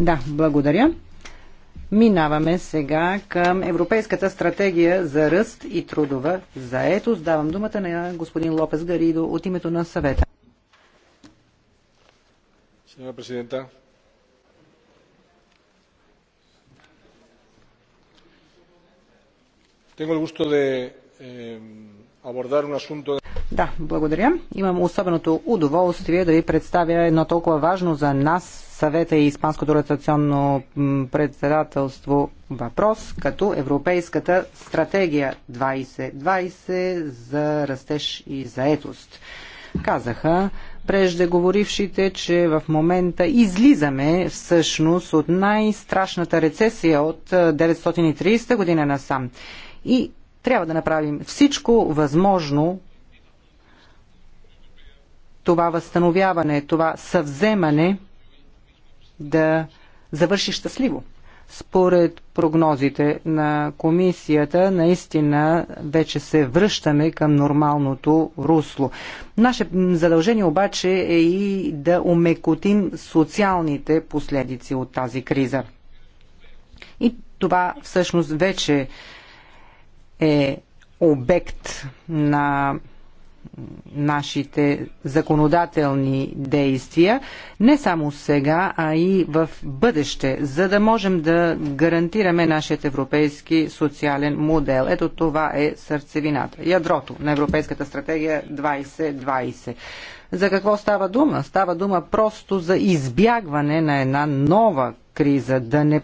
Да, благодаря. Минаваме сега към Европейската стратегия за ръст и трудова заетост. Давам думата на господин Лопес Гаридо от името на съвета. Señora Presidenta, tengo el gusto de eh, abordar un asunto. Да, благодаря. Имам особеното удоволствие да ви представя едно толкова важно за нас съвета и Испанското ротационно председателство въпрос, като Европейската стратегия 2020 за растеж и заетост. Казаха преждеговорившите, че в момента излизаме всъщност от най-страшната рецесия от 930 година насам. И трябва да направим всичко възможно това възстановяване, това съвземане да завърши щастливо. Според прогнозите на комисията, наистина вече се връщаме към нормалното русло. Наше задължение обаче е и да умекотим социалните последици от тази криза. И това всъщност вече е обект на нашите законодателни действия, не само сега, а и в бъдеще, за да можем да гарантираме нашият европейски социален модел. Ето това е сърцевината, ядрото на Европейската стратегия 2020. За какво става дума? Става дума просто за избягване на една нова криза, да не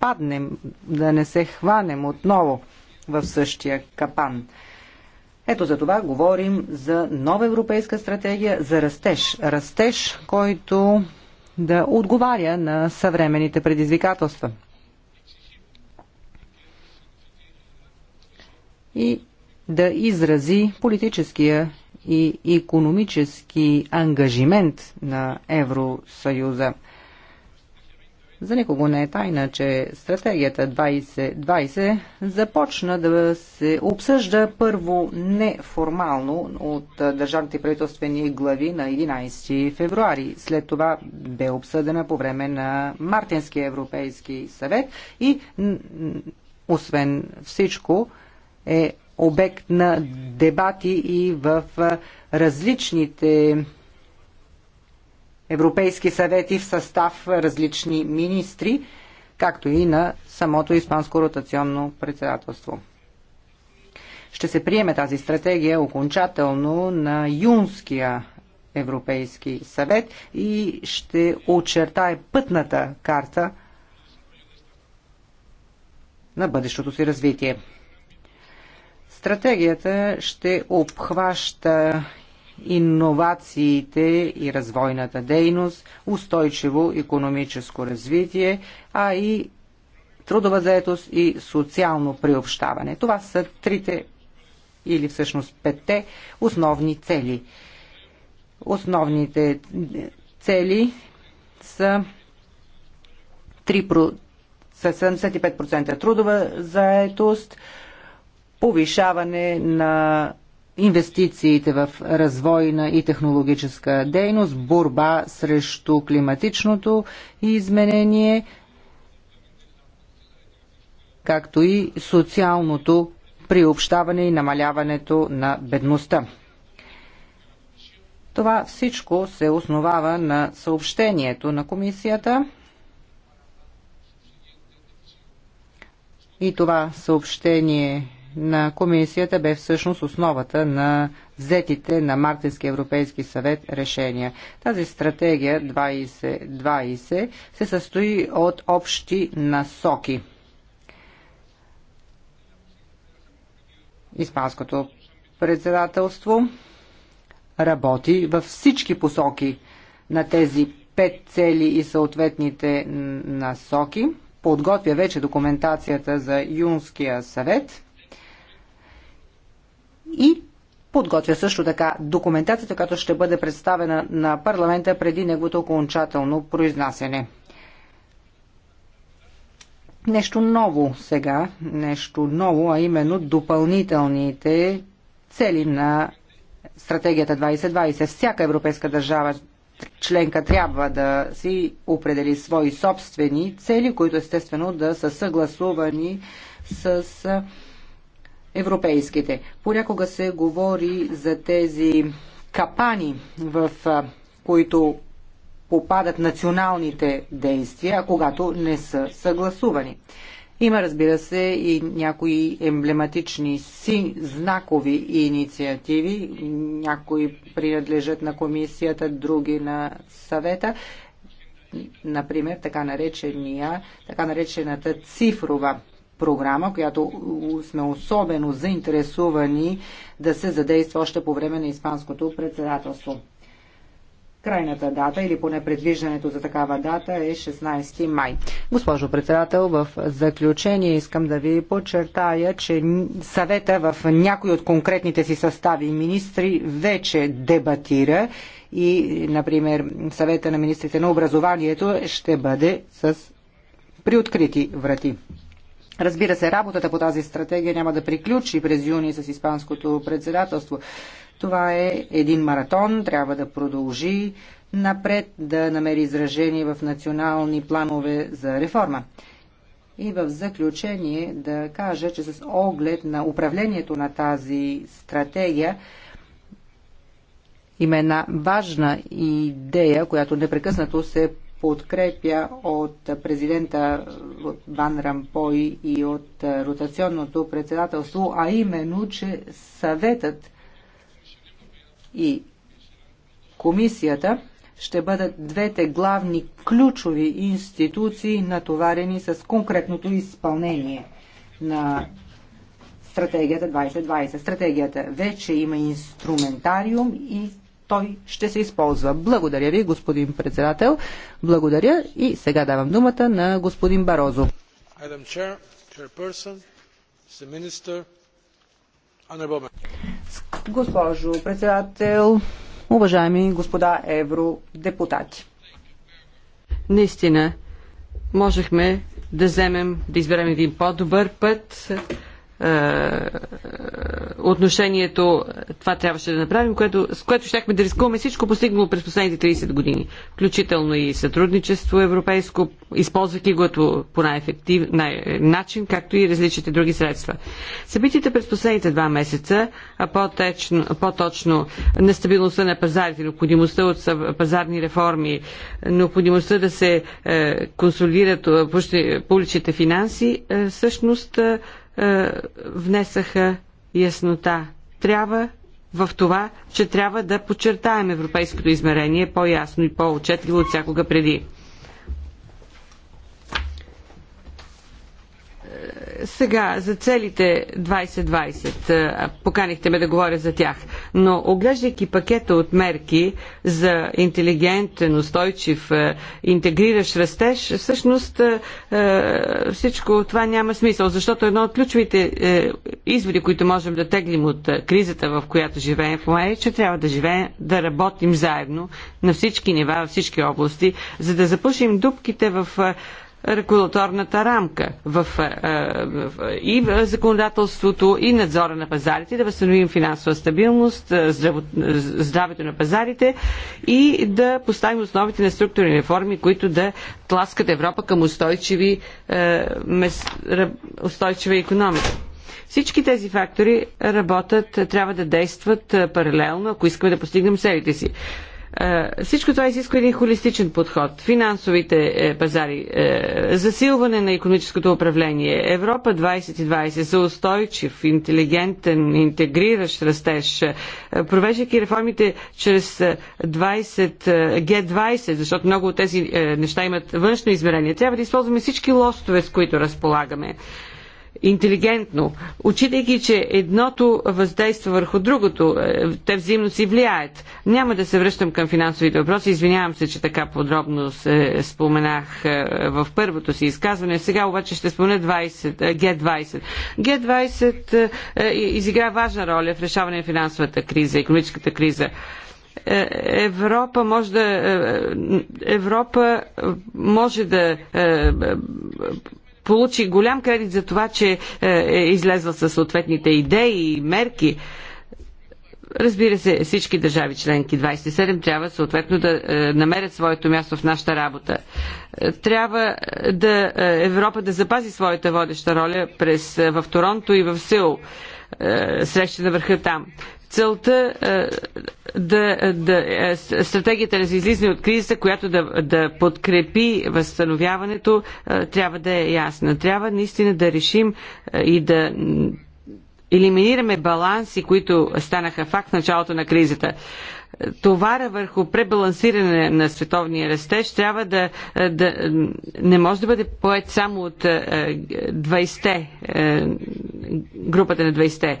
паднем, да не се хванем отново в същия капан. Ето за това говорим за нова европейска стратегия за растеж. Растеж, който да отговаря на съвременните предизвикателства. И да изрази политическия и економически ангажимент на Евросъюза – за никого не е тайна, че стратегията 2020 започна да се обсъжда първо неформално от държавните правителствени глави на 11 февруари. След това бе обсъдена по време на Мартинския Европейски съвет и освен всичко е обект на дебати и в различните европейски съвети в състав различни министри, както и на самото Испанско ротационно председателство. Ще се приеме тази стратегия окончателно на юнския Европейски съвет и ще очертае пътната карта на бъдещото си развитие. Стратегията ще обхваща иновациите и развойната дейност, устойчиво економическо развитие, а и трудова заетост и социално приобщаване. Това са трите или всъщност петте основни цели. Основните цели са 75% трудова заетост, повишаване на инвестициите в развойна и технологическа дейност, борба срещу климатичното изменение, както и социалното приобщаване и намаляването на бедността. Това всичко се основава на съобщението на комисията и това съобщение на комисията бе всъщност основата на взетите на Мартински Европейски съвет решения. Тази стратегия 2020 се състои от общи насоки. Испанското председателство работи във всички посоки на тези пет цели и съответните насоки. Подготвя вече документацията за Юнския съвет – и подготвя също така документацията, която ще бъде представена на парламента преди неговото окончателно произнасяне. Нещо ново сега, нещо ново, а именно допълнителните цели на стратегията 2020. Всяка европейска държава членка трябва да си определи свои собствени цели, които естествено да са съгласувани с европейските. Понякога се говори за тези капани, в които попадат националните действия, а когато не са съгласувани. Има, разбира се, и някои емблематични си знакови инициативи. Някои принадлежат на комисията, други на съвета. Например, така, наречения, така наречената цифрова програма, която сме особено заинтересувани да се задейства още по време на Испанското председателство. Крайната дата или поне предвиждането за такава дата е 16 май. Госпожо председател, в заключение искам да ви подчертая, че съвета в някои от конкретните си състави и министри вече дебатира и, например, съвета на министрите на образованието ще бъде с приоткрити врати. Разбира се, работата по тази стратегия няма да приключи през юни с Испанското председателство. Това е един маратон, трябва да продължи напред, да намери изражение в национални планове за реформа. И в заключение да кажа, че с оглед на управлението на тази стратегия има една важна идея, която непрекъснато се подкрепя от президента Ван Рампой и от ротационното председателство, а именно, че съветът и комисията ще бъдат двете главни ключови институции, натоварени с конкретното изпълнение на стратегията 2020. Стратегията вече има инструментариум и той ще се използва. Благодаря ви, господин председател. Благодаря и сега давам думата на господин Барозо. Госпожо председател, уважаеми господа евродепутати. Наистина, можехме да вземем, да изберем един по-добър път, е, отношението, това трябваше да направим, което, с което щяхме да рискуваме всичко постигнало през последните 30 години, включително и сътрудничество европейско, използвайки го по най-ефектив най- начин, както и различните други средства. Събитията през последните два месеца, а по-точно, по-точно нестабилността на пазарите, необходимостта от пазарни реформи, необходимостта да се е, консолидират е, публичните финанси, е, всъщност е, е, внесаха яснота. Трябва в това, че трябва да подчертаем европейското измерение по-ясно и по-отчетливо от всякога преди. Е, сега, за целите 2020, е, поканихте ме да говоря за тях но оглеждайки пакета от мерки за интелигентен, устойчив, е, интегриращ растеж, всъщност е, е, всичко това няма смисъл, защото едно от ключовите изводи, които можем да теглим от кризата, в която живеем в момента, е, че трябва да живеем, да работим заедно на всички нива, във всички области, за да запушим дупките в регулаторната рамка в, е, е, в, и в законодателството, и надзора на пазарите, да възстановим финансова стабилност, е, здраво, здравето на пазарите и да поставим основите на структурни реформи, които да тласкат Европа към устойчиви, устойчива економика. Всички тези фактори работят, трябва да действат паралелно, ако искаме да постигнем целите си. Всичко това изисква един холистичен подход. Финансовите е, пазари, е, засилване на економическото управление, Европа 2020 за устойчив, интелигентен, интегриращ растеж, е, провеждайки реформите чрез 20, G20, защото много от тези неща имат външно измерение. Трябва да използваме всички лостове, с които разполагаме интелигентно, учитайки, че едното въздейства върху другото, е, те взаимно си влияят. Няма да се връщам към финансовите въпроси. Извинявам се, че така подробно се споменах е, в първото си изказване. Сега обаче ще спомена 20, G20. G20 изигра важна роля в решаване на финансовата криза, економическата криза. Е, Европа може да Европа може да получи голям кредит за това, че е, е излезла със съответните идеи и мерки. Разбира се, всички държави членки 27 трябва съответно да е, намерят своето място в нашата работа. Е, трябва е, да е, Европа да запази своята водеща роля през, в Торонто и в Сеул среща на върха там целта е, да, да, е, стратегията да се излизане от кризата, която да, да подкрепи възстановяването, е, трябва да е ясна. Трябва наистина да решим и да елиминираме баланси, които станаха факт в началото на кризата товара върху пребалансиране на световния растеж трябва да, е, да не може да бъде поет само от 20-те, е, е, групата на 20-те.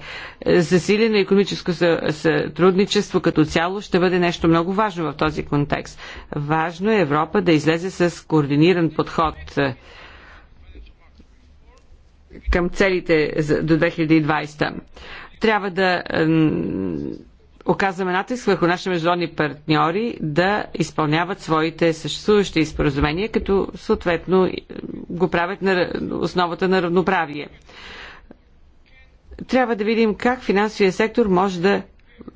Засилено економическо сътрудничество като цяло ще бъде нещо много важно в този контекст. Важно е Европа да излезе с координиран подход към целите до 2020. Трябва да оказваме натиск върху наши международни партньори да изпълняват своите съществуващи споразумения, като съответно е, го правят на основата на равноправие. Трябва да видим как финансовия сектор може да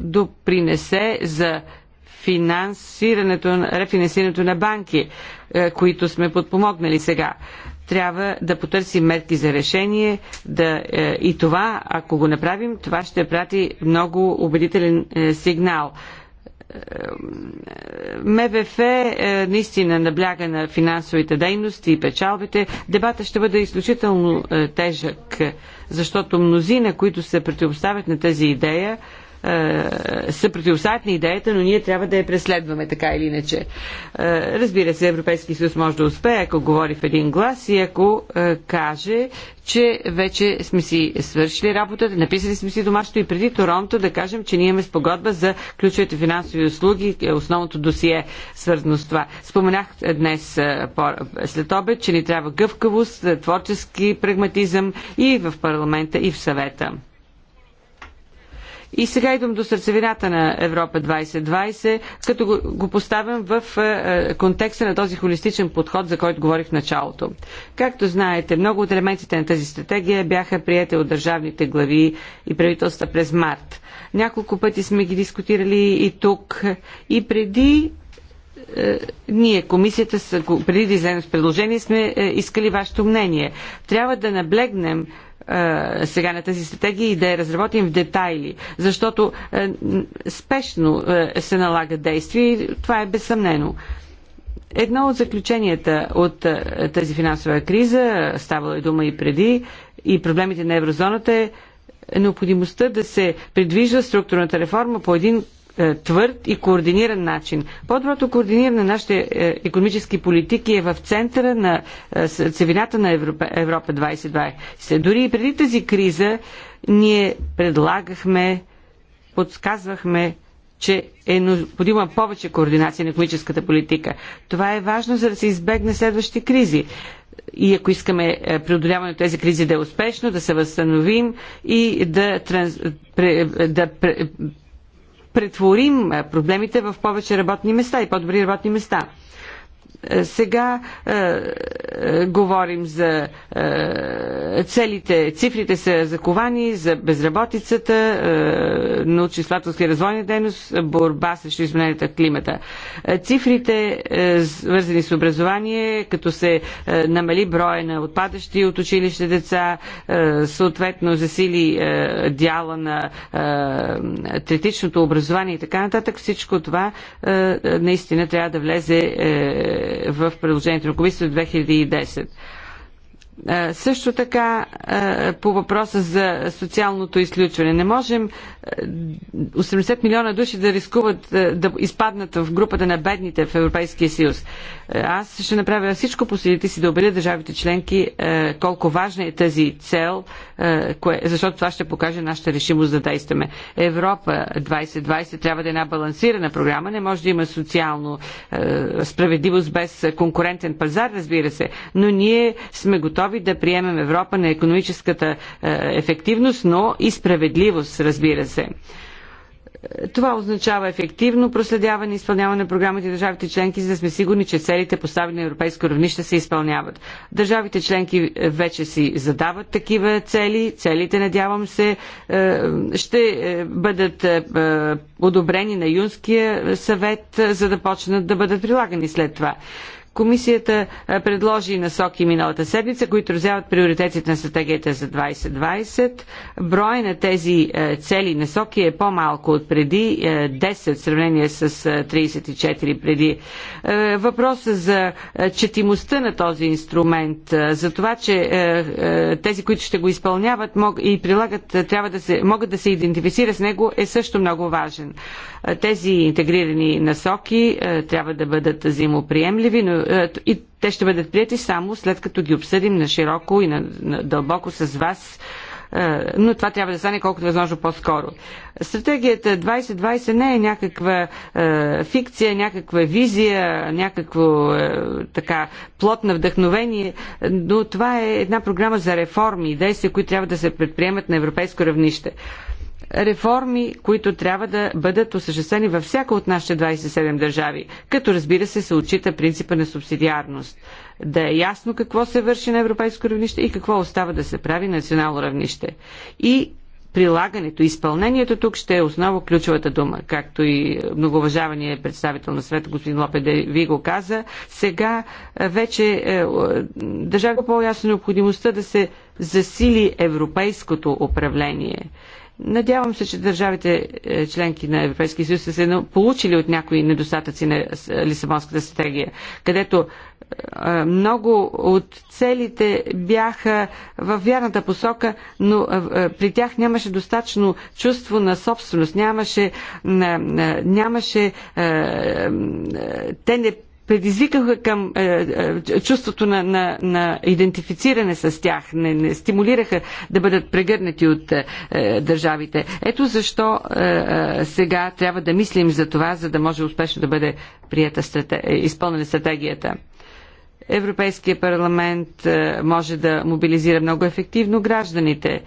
допринесе за финансирането, рефинансирането на банки, е, които сме подпомогнали сега трябва да потърсим мерки за решение да, е, и това, ако го направим, това ще прати много убедителен е, сигнал. Е, МВФ наистина набляга на финансовите дейности и печалбите. Дебата ще бъде изключително тежък, защото мнозина, които се противоставят на тази идея, е, са на идеята, но ние трябва да я преследваме така или иначе. Е, разбира се, Европейски съюз може да успее, ако говори в един глас и ако е, каже, че вече сме си свършили работата, написали сме си домашното и преди Торонто да кажем, че ние имаме спогодба за ключовите финансови услуги, основното досие свързано с това. Споменах днес след обед, че ни трябва гъвкавост, творчески прагматизъм и в парламента, и в съвета. И сега идвам до сърцевината на Европа 2020, като го, го поставям в е, е, контекста на този холистичен подход, за който говорих в началото. Както знаете, много от елементите на тази стратегия бяха приятели от държавните глави и правителства през март. Няколко пъти сме ги дискутирали и тук. И преди е, ние, комисията, преди да излезем с предложение, сме искали вашето мнение. Трябва да наблегнем а, е, сега на тази стратегия и да я разработим в детайли, защото а, е, спешно а, е, се налага действие и това е безсъмнено. Едно от заключенията от а, тази финансова криза, ставало и дума и преди, и проблемите на еврозоната е необходимостта да се придвижва структурната реформа по един е, твърд и координиран начин. По-доброто координиране на нашите е, економически политики е в центъра на е, цивината на Европа, 2020. Дори и преди тази криза ние предлагахме, подсказвахме, че е необходима повече координация на економическата политика. Това е важно, за да се избегне следващите кризи и ако искаме преодоляване на тези кризи да е успешно, да се възстановим и да, транс, да претворим проблемите в повече работни места и по-добри работни места. Е, сега е, е, говорим за е, целите, цифрите са заковани за безработицата, е, научно-изследователска и развойна дейност, борба срещу измененията в климата. Е, цифрите, е, вързани с образование, като се е, намали броя на отпадащи от училище деца, е, съответно засили е, дяла на е, третичното образование и така нататък, всичко това е, е наистина трябва да влезе е, в предложението на комисията 2010. Също така по въпроса за социалното изключване. Не можем 80 милиона души да рискуват да изпаднат в групата на бедните в Европейския съюз. Аз ще направя всичко по силите си да убедя държавите членки колко важна е тази цел, защото това ще покаже нашата решимост да действаме. Европа 2020 трябва да е една балансирана програма. Не може да има социално справедливост без конкурентен пазар, разбира се. Но ние сме готови готови да приемем Европа на економическата е, ефективност, но и справедливост, разбира се. Това означава ефективно проследяване и изпълняване на програмите държавите членки, за да сме сигурни, че целите поставени на европейско равнище се изпълняват. Държавите членки вече си задават такива цели. Целите, надявам се, е, ще е, бъдат одобрени на Юнския съвет, за да почнат да бъдат прилагани след това. Комисията предложи насоки миналата седмица, които разяват приоритетите на стратегията за 2020. Брой на тези цели насоки е по-малко от преди 10 в сравнение с 34 преди. Въпросът за четимостта на този инструмент, за това, че тези, които ще го изпълняват и прилагат, трябва да се, могат да се идентифицира с него, е също много важен. Тези интегрирани насоки трябва да бъдат взаимоприемливи, но е, и те ще бъдат прияти само след като ги обсъдим на широко и на, на дълбоко с вас е, но това трябва да стане колкото възможно по-скоро. Стратегията 2020 не е някаква е, фикция, някаква визия, някакво е, така плод на вдъхновение, но това е една програма за реформи и действия, които трябва да се предприемат на европейско равнище реформи, които трябва да бъдат осъществени във всяка от нашите 27 държави, като разбира се се отчита принципа на субсидиарност. Да е ясно какво се върши на европейско равнище и какво остава да се прави на национално равнище. И прилагането, изпълнението тук ще е основа ключовата дума, както и многоважавания представител на света господин Лопе де ви го каза. Сега е, вече е, е, държава по-ясно необходимостта да се засили европейското управление. Надявам се, че държавите е, членки на Европейския съюз са се получили от някои недостатъци на Лисабонската стратегия, където е, много от целите бяха в вярната посока, но е, при тях нямаше достатъчно чувство на собственост, нямаше, нямаше те не предизвикаха към е, е, чувството на, на, на идентифициране с тях, не, не стимулираха да бъдат прегърнати от е, е държавите. Ето защо е, е, сега трябва да мислим за това, за да може успешно да бъде прията стратег... Е, изпълнена стратегията. Европейския парламент е, може да мобилизира много ефективно гражданите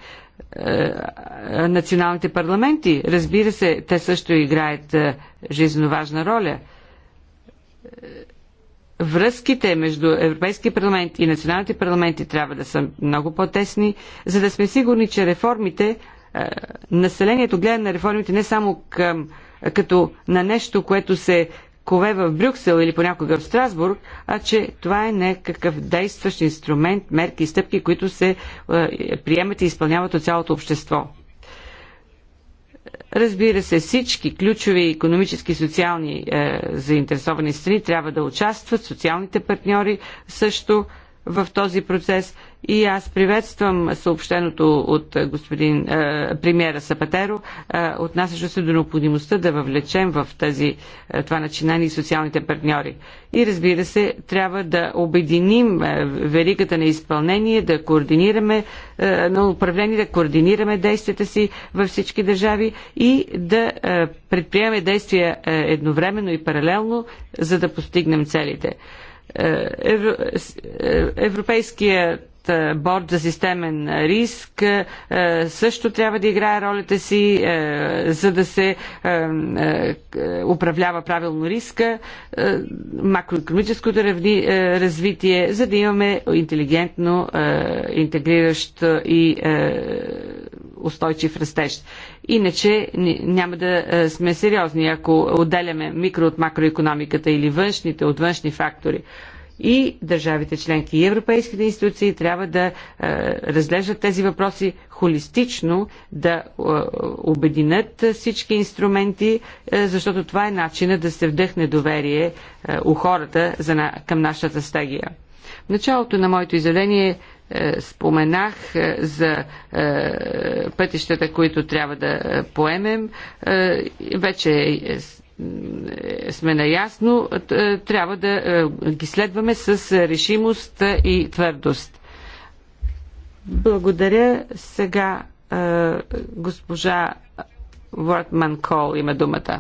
е, националните парламенти. Разбира се, те също играят жизненно важна роля връзките между Европейския парламент и националните парламенти трябва да са много по-тесни, за да сме сигурни, че реформите, е, населението гледа на реформите не само към, като на нещо, което се кове в Брюксел или понякога в Страсбург, а че това е някакъв действащ инструмент, мерки и стъпки, които се е, приемат и изпълняват от цялото общество. Разбира се, всички ключови економически и социални е, заинтересовани страни трябва да участват, социалните партньори също в този процес и аз приветствам съобщеното от е, господин е, премиера Сапатеро, е, отнасящо се до необходимостта да въвлечем в тази, е, това начинание и социалните партньори. И разбира се, трябва да обединим е, веригата на изпълнение, да координираме е, на управление, да координираме действията си във всички държави и да е, предприемаме действия е, едновременно и паралелно, за да постигнем целите. Е, е, европейският е, борд за системен риск също трябва да играе ролята си, за да се управлява правилно риска, макроекономическото развитие, за да имаме интелигентно, интегриращ и устойчив растеж. Иначе няма да е, сме сериозни, ако отделяме микро от макроекономиката или външните от външни фактори и държавите членки и европейските институции трябва да е, разглеждат тези въпроси холистично, да е, обединят всички инструменти, е, защото това е начина да се вдъхне доверие е, у хората за, към нашата стегия. В началото на моето изявление е, споменах е, за е, пътищата, които трябва да поемем. Вече сме наясно, трябва да ги следваме с решимост и твърдост. Благодаря. Сега госпожа Вортман Кол има думата.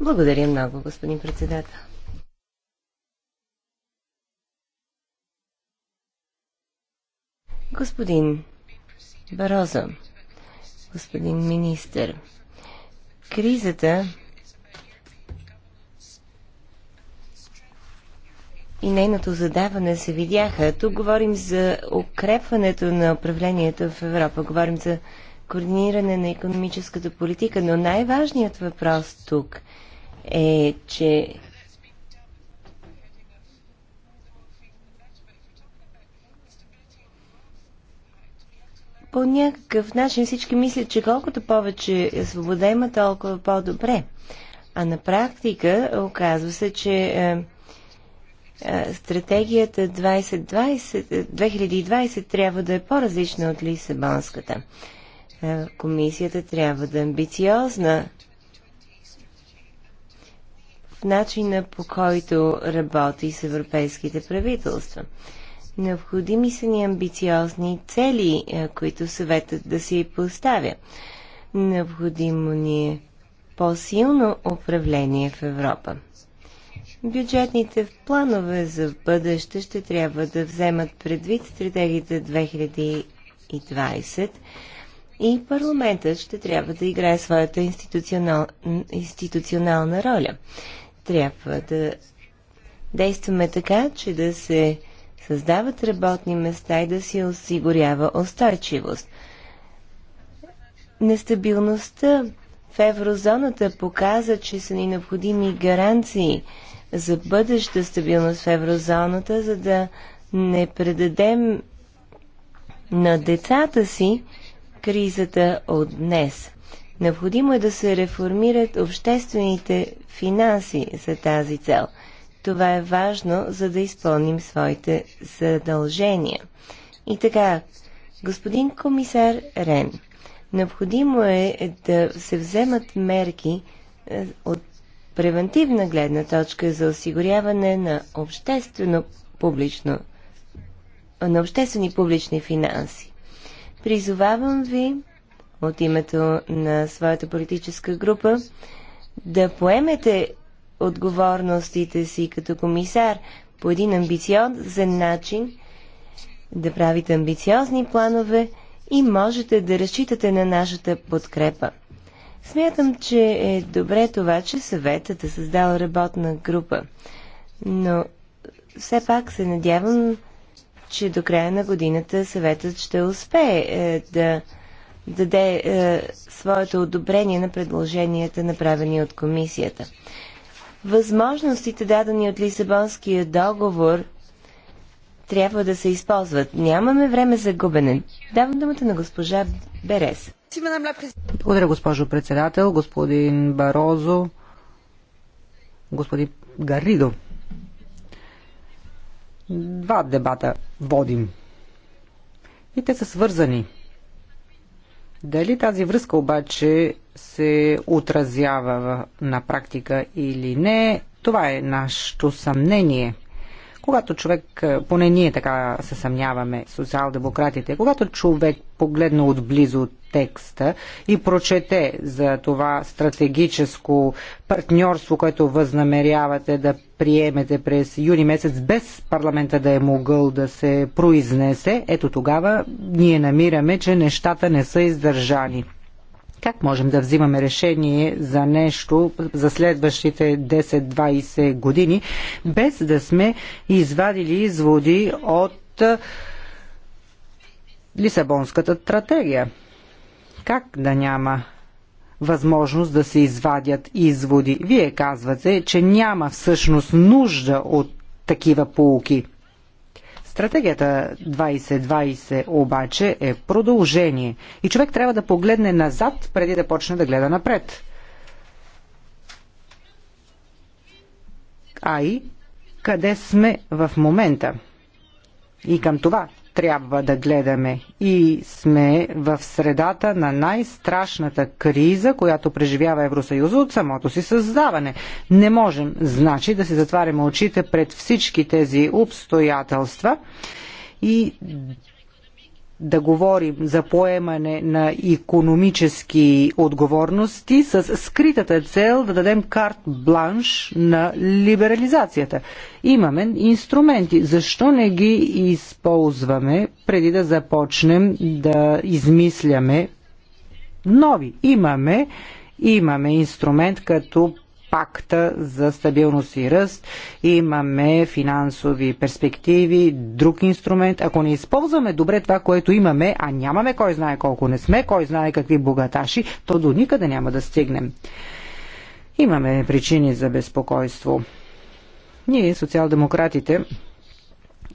Благодаря много, господин председател. Господин Барозо, господин министр, кризата и нейното задаване се видяха. Тук говорим за укрепването на управлението в Европа, говорим за координиране на економическата политика, но най-важният въпрос тук е, че По някакъв начин всички мислят, че колкото повече свобода има, толкова по-добре. А на практика оказва се, че е, е стратегията 2020, 2020 е, трябва да е по-различна от Лисабонската. Е, комисията трябва да е амбициозна в начина по който работи с европейските правителства. Необходими са ни амбициозни цели, е, които съветът да си поставя. Необходимо ни е по-силно управление в Европа. Бюджетните планове за бъдеще ще трябва да вземат предвид стратегията 2020 и парламентът ще трябва да играе своята институционал... институционална роля. Трябва да действаме така, че да се създават работни места и да си осигурява устойчивост. Нестабилността в еврозоната показа, че са ни необходими гаранции за бъдеща стабилност в еврозоната, за да не предадем на децата си кризата от днес. Необходимо е да се реформират обществените финанси за тази цел – това е важно, за да изпълним своите задължения. И така, господин комисар Рен, необходимо е да се вземат мерки е, от превентивна гледна точка за осигуряване на обществено публично на обществени публични финанси. Призовавам ви от името на своята политическа група да поемете отговорностите си като комисар по един амбициозен начин, да правите амбициозни планове и можете да разчитате на нашата подкрепа. Смятам, че е добре това, че съветът е създал работна група, но все пак се надявам, че до края на годината съветът ще успее е, да даде е, своето одобрение на предложенията, направени от комисията възможностите дадени от Лисабонския договор трябва да се използват. Нямаме време за губене. Давам думата на госпожа Берес. Благодаря, госпожо председател, господин Барозо, господин Гаридо. Два дебата водим. И те са свързани – дали тази връзка обаче се отразява на практика или не, това е нашето съмнение. Когато човек, е, поне ние така се съмняваме, социал-демократите, когато човек погледна отблизо текста и прочете за това стратегическо партньорство, което възнамерявате да приемете през юни месец, без парламента да е могъл да се произнесе, ето тогава ние намираме, че нещата не са издържани. Как можем да взимаме решение за нещо за следващите 10-20 години, без да сме извадили изводи от Лисабонската стратегия? Как да няма възможност да се извадят изводи? Вие казвате, че няма всъщност нужда от такива полуки. Стратегията 2020 обаче е продължение и човек трябва да погледне назад, преди да почне да гледа напред. А и къде сме в момента? И към това трябва да гледаме. И сме в средата на най-страшната криза, която преживява Евросъюза от самото си създаване. Не можем, значи, да си затваряме очите пред всички тези обстоятелства и да говорим за поемане на економически отговорности с скритата цел да дадем карт бланш на либерализацията. Имаме инструменти. Защо не ги използваме преди да започнем да измисляме нови? Имаме, имаме инструмент като пакта за стабилност и ръст. Имаме финансови перспективи, друг инструмент. Ако не използваме добре това, което имаме, а нямаме кой знае колко не сме, кой знае какви богаташи, то до никъде няма да стигнем. Имаме причини за безпокойство. Ние, социал-демократите,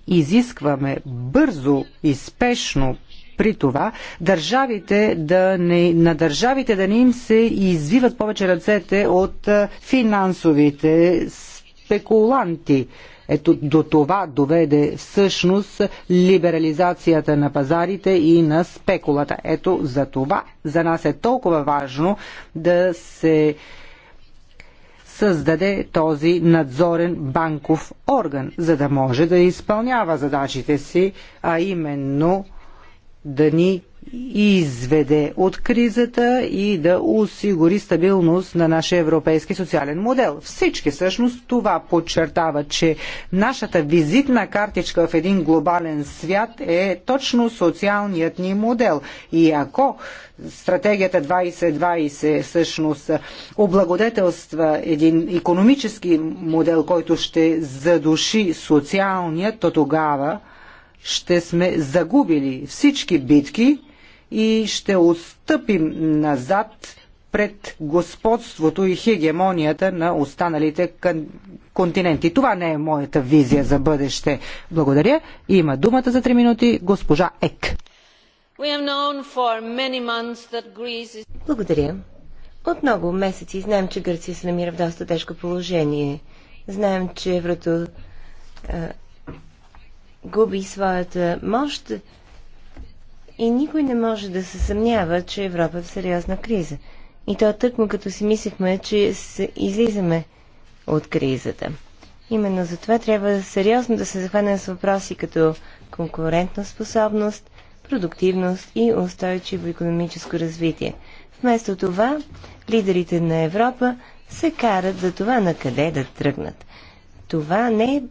изискваме бързо и спешно при това държавите да не, на държавите да не им се извиват повече ръцете от финансовите спекуланти. Ето до това доведе всъщност либерализацията на пазарите и на спекулата. Ето за това за нас е толкова важно да се създаде този надзорен банков орган, за да може да изпълнява задачите си, а именно да ни изведе от кризата и да осигури стабилност на нашия европейски социален модел. Всички всъщност това подчертават, че нашата визитна картичка в един глобален свят е точно социалният ни модел. И ако стратегията 2020 всъщност облагодетелства един економически модел, който ще задуши социалният, то тогава ще сме загубили всички битки и ще отстъпим назад пред господството и хегемонията на останалите континенти. Това не е моята визия за бъдеще. Благодаря. Има думата за 3 минути госпожа Ек. Is... Благодаря. От много месеци знаем, че Гърция се намира в доста тежко положение. Знаем, че еврото губи своята мощ и никой не може да се съмнява, че Европа е в сериозна криза. И то тъкмо като си мислихме, че се излизаме от кризата. Именно за това трябва сериозно да се захванем с въпроси като конкурентна способност, продуктивност и устойчиво економическо развитие. Вместо това, лидерите на Европа се карат за това на къде да тръгнат. Това не е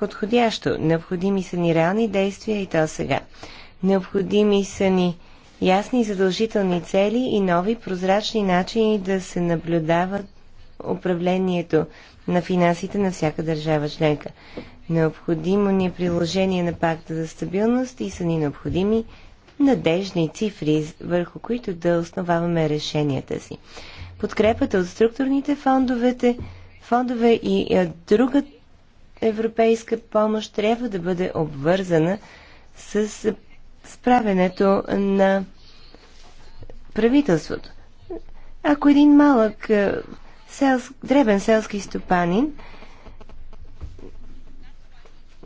подходящо. Необходими са ни реални действия и то сега. Необходими са ни ясни задължителни цели и нови прозрачни начини да се наблюдават управлението на финансите на всяка държава членка. Необходимо ни е приложение на пакта за стабилност и са ни необходими надежни цифри, върху които да основаваме решенията си. Подкрепата от структурните фондовете, фондове и другата европейска помощ трябва да бъде обвързана с справенето на правителството. Ако един малък е, селс, дребен селски стопанин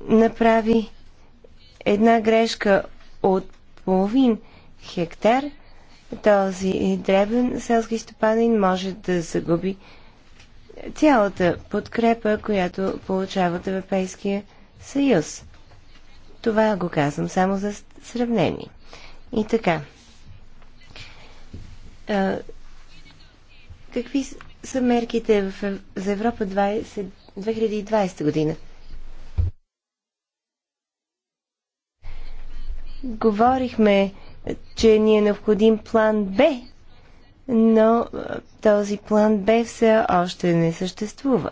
направи една грешка от половин хектар, този дребен селски стопанин може да загуби цялата подкрепа, която получава от Европейския съюз. Това го казвам само за сравнение. И така. А, какви са мерките в, за Европа 20, 2020 година? Говорихме, че ни е необходим план Б но този план Б все още не съществува.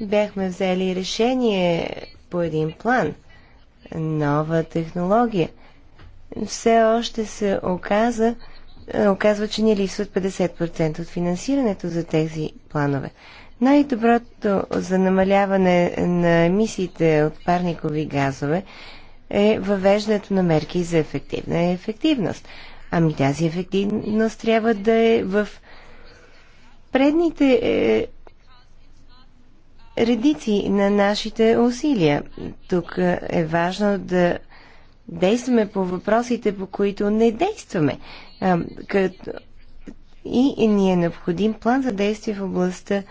Бяхме взели решение по един план, нова технология. Все още се оказа, оказва, че ни липсват 50% от финансирането за тези планове. Най-доброто за намаляване на емисиите от парникови газове е въвеждането на мерки за ефективна ефективност. Ами тази ефективност трябва да е в предните е, редици на нашите усилия. Тук е, е важно да действаме по въпросите, по които не действаме. А, като... И ни е необходим план за действие в областта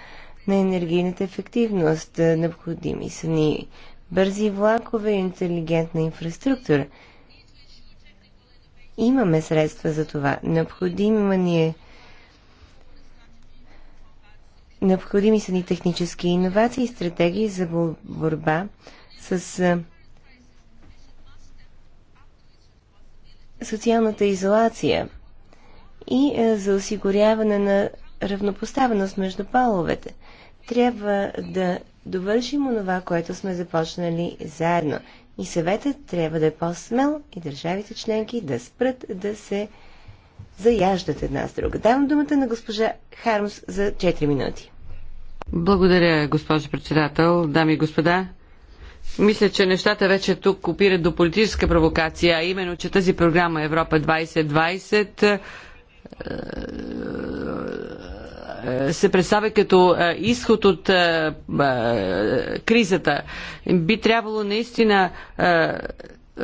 на енергийната ефективност. Необходими са ни бързи влакове и интелигентна инфраструктура. Имаме средства за това. Необходима ни е Необходими са ни технически иновации и стратегии за борба с социалната изолация и за осигуряване на равнопоставеност между половете. Трябва да довършим онова, което сме започнали заедно. И съветът трябва да е по-смел и държавите членки да спрат да се заяждат една с друга. Давам думата на госпожа Хармс за 4 минути. Благодаря, госпожо председател, дами и господа. Мисля, че нещата вече тук копират до политическа провокация, а именно, че тази програма Европа 2020 е, се представя като е, изход от е, кризата. Би трябвало наистина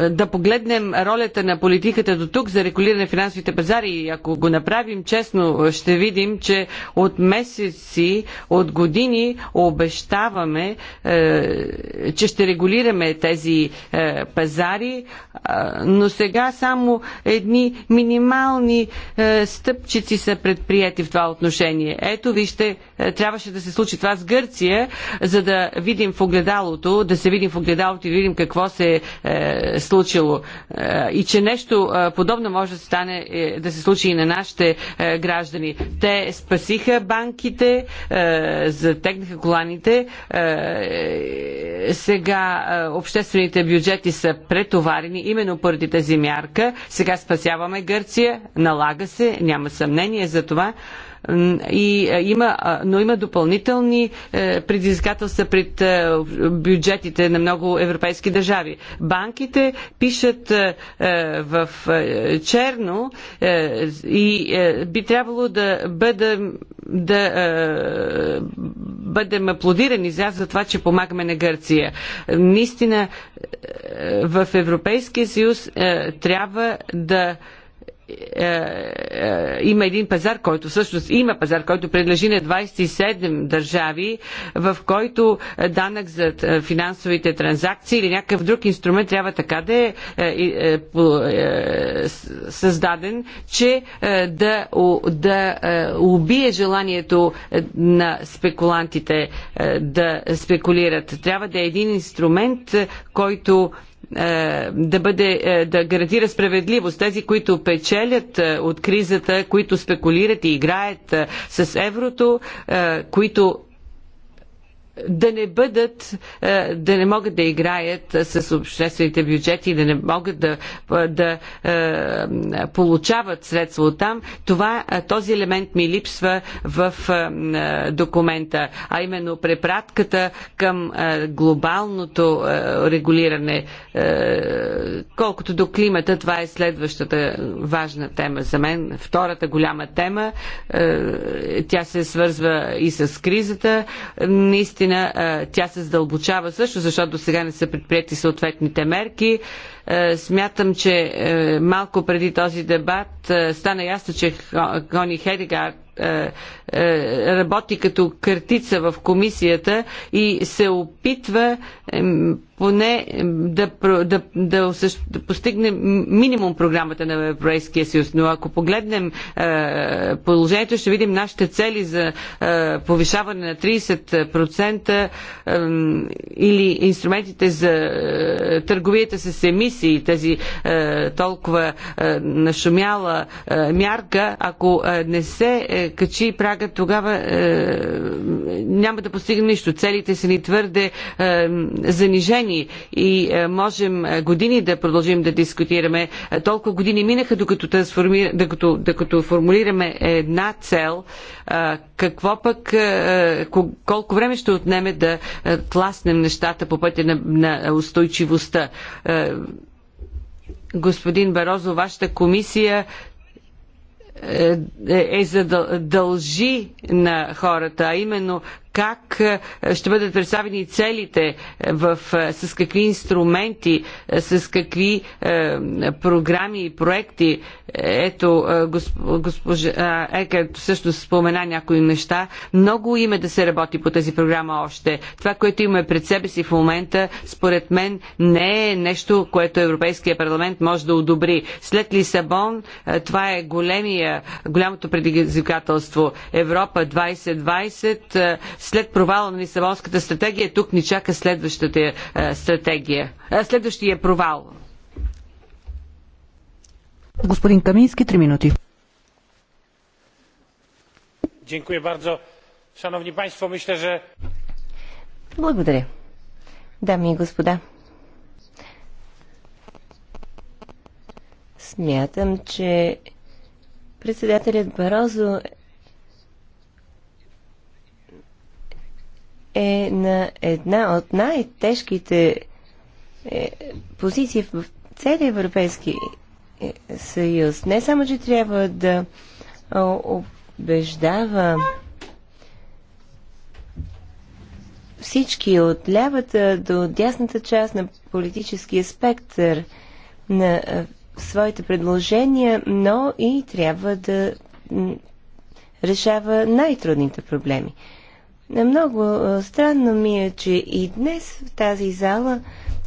да погледнем ролята на политиката до тук за регулиране на финансовите пазари и ако го направим честно, ще видим, че от месеци, от години обещаваме, е, че ще регулираме тези е, пазари, е, но сега само едни минимални е, стъпчици са предприяти в това отношение. Ето вижте, е, трябваше да се случи това с Гърция, за да видим в огледалото, да се видим в огледалото и да видим какво се е, е случило е, и че нещо е, подобно може да, стане, да се случи и на нашите граждани. Те спасиха банките, затегнаха коланите, сега обществените бюджети са претоварени именно поради тази мярка. Сега спасяваме Гърция, налага се, няма съмнение за това. И е, има, но има допълнителни е, предизвикателства пред е, бюджетите на много европейски държави. Банките пишат в черно и би трябвало да бъдем, да бъдем аплодирани за това, че помагаме на Гърция. Наистина в Европейския съюз трябва да е, е, има един пазар, който всъщност има пазар, който принадлежи на 27 държави, в който данък за финансовите транзакции или някакъв друг инструмент трябва така да е, е създаден, че да, да убие желанието на спекулантите да спекулират. Трябва да е един инструмент, който е, да, бъде, е, да гарантира справедливост. Тези, които печелят е, от кризата, които спекулират и играят с еврото, които да не бъдат, е, да не могат да играят е, с обществените бюджети, да не могат да, е, да получават средства от там. Това, този елемент ми липсва в документа, а именно препратката към глобалното регулиране. Колкото до климата, това е следващата важна тема за мен. Втората голяма тема, тя се свързва и с кризата. Наистина наистина тя се задълбочава също, защото до сега не са предприяти съответните мерки. Смятам, че малко преди този дебат стана ясно, че Кони Хедегард работи като картица в комисията и се опитва поне да, да, да, да постигнем минимум програмата на Европейския съюз. Но ако погледнем е, положението, ще видим нашите цели за е, повишаване на 30% е, или инструментите за е, търговията с емисии, тези е, толкова е, нашумяла е, мярка, ако е, не се е, качи прага, тогава е, няма да постигне нищо. Целите са ни твърде е, занижени убедени и е, можем е, години да продължим да дискутираме. Е, толкова години минаха, докато, докато, докато формулираме една цел, какво пък, колко време ще отнеме да тласнем нещата по пътя на, на устойчивостта. Господин Барозо, вашата комисия е задължи на хората, а именно как е, ще бъдат представени целите, е, в, е, с какви инструменти, с какви програми и проекти. Ето, госпожа Ека също спомена някои неща. Много име да се работи по тази програма още. Това, което имаме пред себе си в момента, според мен не е нещо, което Европейския парламент може да одобри. След Лисабон това е големия, голямото предизвикателство. Европа 2020 след провала на Лисабонската стратегия, тук ни чака следващата е, стратегия, е, следващия провал. Господин Камински, три минути. Dziękuję bardzo. Szanowni Państwo, myślę, że... Благодаря. Дами и господа, смятам, че председателят Барозо е на една от най-тежките е, позиции в целия Европейски е, съюз. Не само, че трябва да убеждава всички от лявата до дясната част на политическия спектър на своите предложения, но и трябва да решава най-трудните проблеми. На е, много е, странно ми е, че и днес в тази зала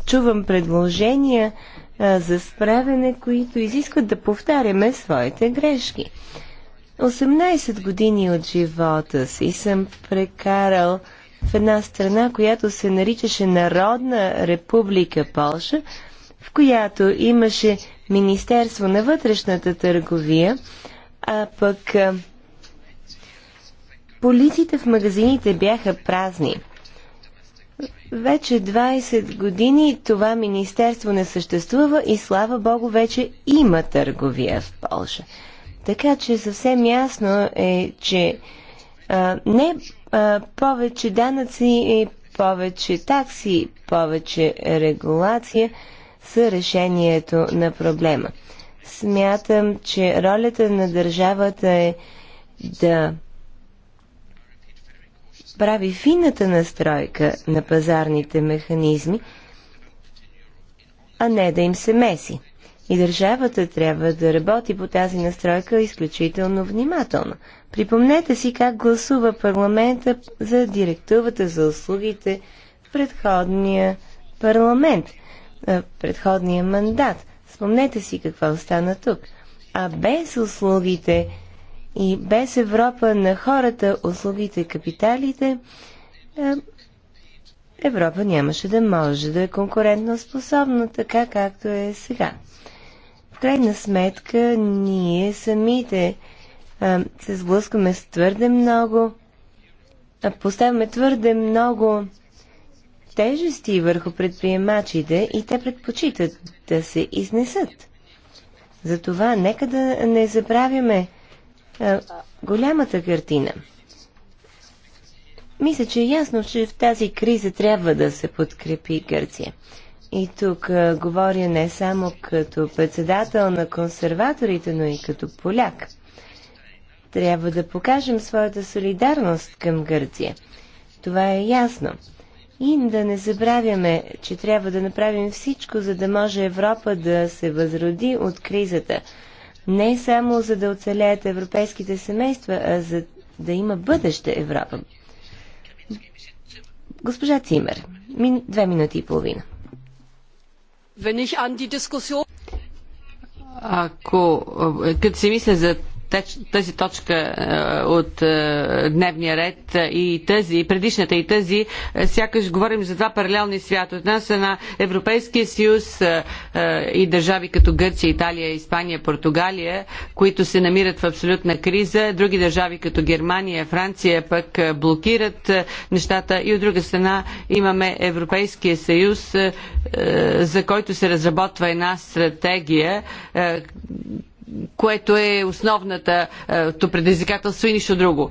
чувам предложения е, за справяне, които изискват да повтаряме своите грешки. 18 години от живота си съм прекарал в една страна, която се наричаше Народна република Полша, в която имаше Министерство на вътрешната търговия, а пък Полиците в магазините бяха празни. Вече 20 години това министерство не съществува и слава Богу вече има търговия в Польша. Така че съвсем ясно е, че а, не а, повече данъци, повече такси, повече регулация са решението на проблема. Смятам, че ролята на държавата е да прави фината настройка на пазарните механизми, а не да им се меси. И държавата трябва да работи по тази настройка изключително внимателно. Припомнете си как гласува парламента за директивата за услугите в предходния парламент, в предходния мандат. Спомнете си какво остана тук. А без услугите и без Европа на хората, услугите, капиталите, е, Европа нямаше да може да е конкурентно способна, така както е сега. В крайна сметка, ние самите е, се сблъскаме с твърде много, поставяме твърде много тежести върху предприемачите и те предпочитат да се изнесат. Затова нека да не забравяме е, голямата картина. Мисля, че е ясно, че в тази криза трябва да се подкрепи Гърция. И тук а, е, говоря не само като председател на консерваторите, но и като поляк. Трябва да покажем своята солидарност към Гърция. Това е ясно. И да не забравяме, че трябва да направим всичко, за да може Европа да се възроди от кризата, не само за да оцелеят европейските семейства, а за да има бъдеще Европа. Госпожа Цимер, мин, две минути и половина. Ако, е, като си мисля за тази точка е, от е, дневния ред и тази, предишната и тази, е, сякаш говорим за два паралелни свята. От нас е на Европейския съюз и държави като Гърция, Италия, Испания, Португалия, които се намират в абсолютна криза. Други държави като Германия, Франция пък блокират нещата. И от друга страна имаме Европейския съюз, за който се разработва една стратегия, което е основната е, предизвикателство и нищо друго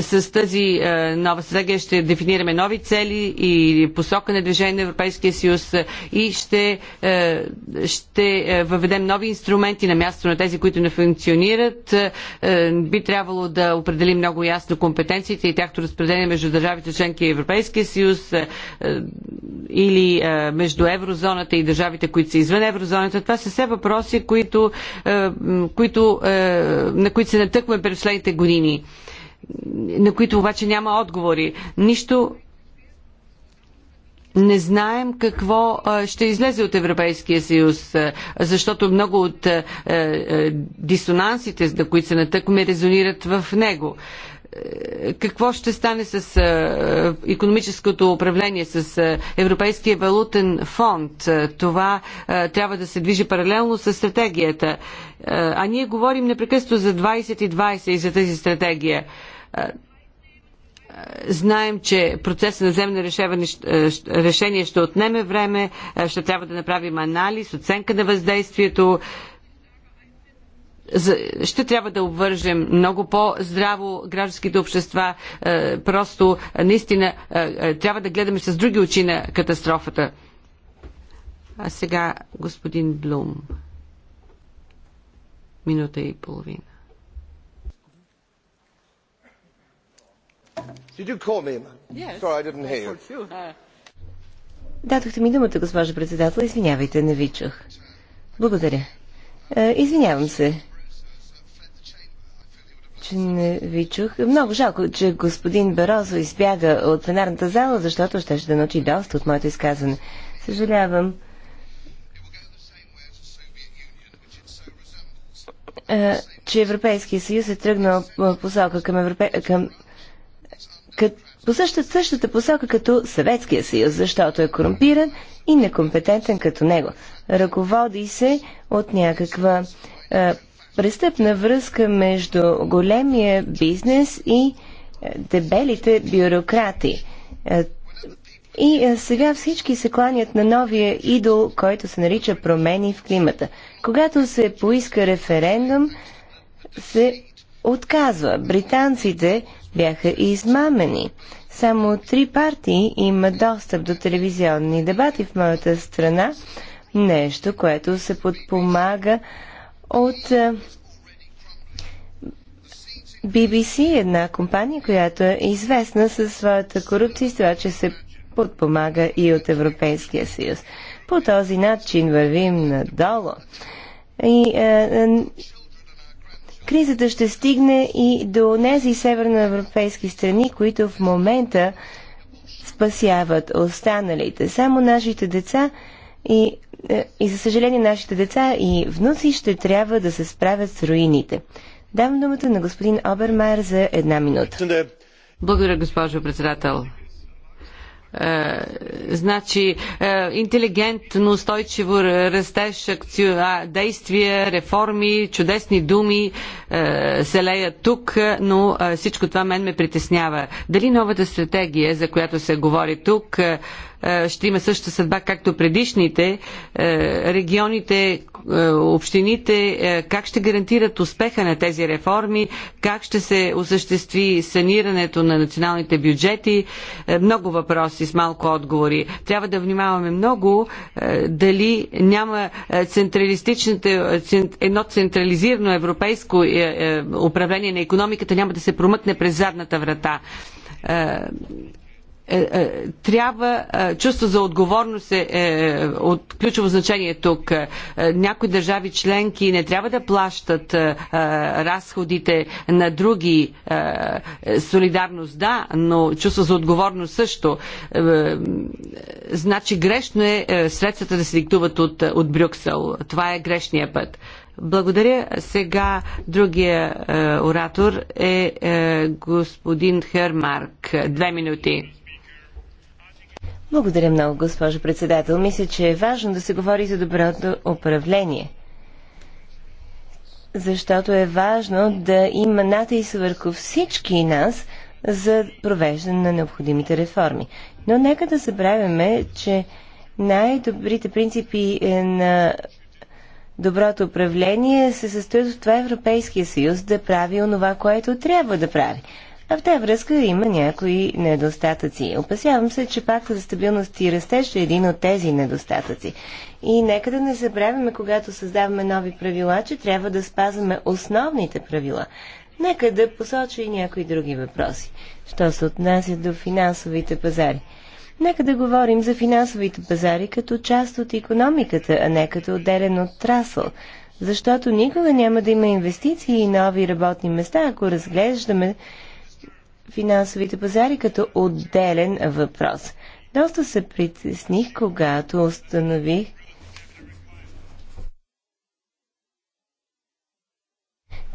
с тази е, нова стратегия ще дефинираме нови цели и посока на движение на Европейския съюз и ще, е, ще е, въведем нови инструменти на място на тези, които не функционират. Би трябвало да определим много ясно компетенциите и тяхто разпределение между държавите членки и Европейския съюз или между еврозоната и държавите, които са извън еврозоната. Това са все въпроси, които, които, на които се натъкваме през последните години на които обаче няма отговори. Нищо не знаем какво ще излезе от Европейския съюз, защото много от дисонансите, на които се натъкваме, резонират в него какво ще стане с економическото управление, с Европейския валутен фонд. Това трябва да се движи паралелно с стратегията. А ние говорим непрекъснато за 2020 и за тази стратегия знаем, че процесът на земно решение ще отнеме време, ще трябва да направим анализ, оценка на въздействието, ще трябва да обвържем много по-здраво гражданските общества. Е, просто е, наистина е, трябва да гледаме с други очи на катастрофата. А сега господин Блум. Минута и половина. Did you call me, Yes. Sorry, I didn't hear you. Дадохте ми думата, госпожа председател. Извинявайте, не ви чух. Благодаря. Извинявам се че не ви чух. Много жалко, че господин Барозо избяга от пленарната зала, защото ще ще да научи доста от моето изказване. Съжалявам. че Европейския съюз е тръгнал посока към, Европе... към... Кът... по същата, същата посока като Съветския съюз, защото е корумпиран и некомпетентен като него. Ръководи се от някаква престъпна връзка между големия бизнес и е, дебелите бюрократи. Е, и е, сега всички се кланят на новия идол, който се нарича промени в климата. Когато се поиска референдум, се отказва. Британците бяха измамени. Само три партии има достъп до телевизионни дебати в моята страна, нещо, което се подпомага от BBC, една компания, която е известна със своята корупция и с това, че се подпомага и от Европейския съюз. По този начин вървим надолу. И е, е, кризата ще стигне и до тези северноевропейски страни, които в момента спасяват останалите. Само нашите деца и е, и за съжаление нашите деца и внуци ще трябва да се справят с руините. Давам думата на господин Обермайер за една минута. Благодаря, госпожо председател. Е, значи е, интелигентно, устойчиво растеж, а, действия, реформи, чудесни думи е, се леят тук, но е, всичко това мен ме притеснява. Дали новата стратегия, за която се говори тук, е, е, ще има същата съдба, както предишните, е, регионите, е, общините, как ще гарантират успеха на тези реформи, как ще се осъществи санирането на националните бюджети. Много въпроси с малко отговори. Трябва да внимаваме много дали няма централистичните, едно централизирано европейско управление на економиката няма да се промъкне през задната врата е, е, трябва е, чувство за отговорност е, е от ключово значение тук. Някои държави членки не трябва да плащат е, разходите на други. Е, солидарност да, но чувство за отговорност също. е. Значи грешно е средствата да се диктуват от, от Брюксел. Това е грешния път. Благодаря. Сега другия е, оратор е, е господин Хермарк. Две минути. Благодаря много, госпожо председател. Мисля, че е важно да се говори за доброто управление. Защото е важно да има натиск върху всички нас за провеждане на необходимите реформи. Но нека да забравяме, че най-добрите принципи е, на доброто управление се състоят в това Европейския съюз да прави онова, което трябва да прави. А в тази връзка има някои недостатъци. Опасявам се, че пакта за стабилност и растеж е един от тези недостатъци. И нека да не забравяме, когато създаваме нови правила, че трябва да спазваме основните правила. Нека да посоча и някои други въпроси, що се отнася до финансовите пазари. Нека да говорим за финансовите пазари като част от економиката, а не като отделен от трасъл. защото никога няма да има инвестиции и нови работни места, ако разглеждаме финансовите пазари като отделен въпрос. Доста се притесних, когато установих,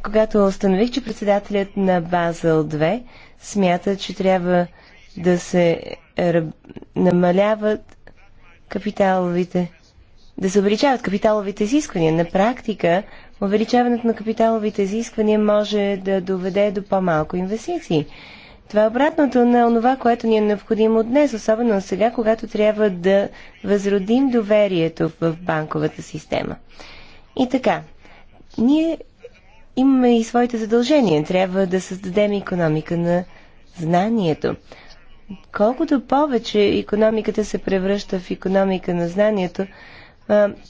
когато установих, че председателят на Базел 2 смята, че трябва да се намаляват капиталовите, да се увеличават капиталовите изисквания. На практика, увеличаването на капиталовите изисквания може да доведе до по-малко инвестиции. Това е обратното на онова, което ни е необходимо днес, особено сега, когато трябва да възродим доверието в банковата система. И така, ние имаме и своите задължения. Трябва да създадем економика на знанието. Колкото повече економиката се превръща в економика на знанието,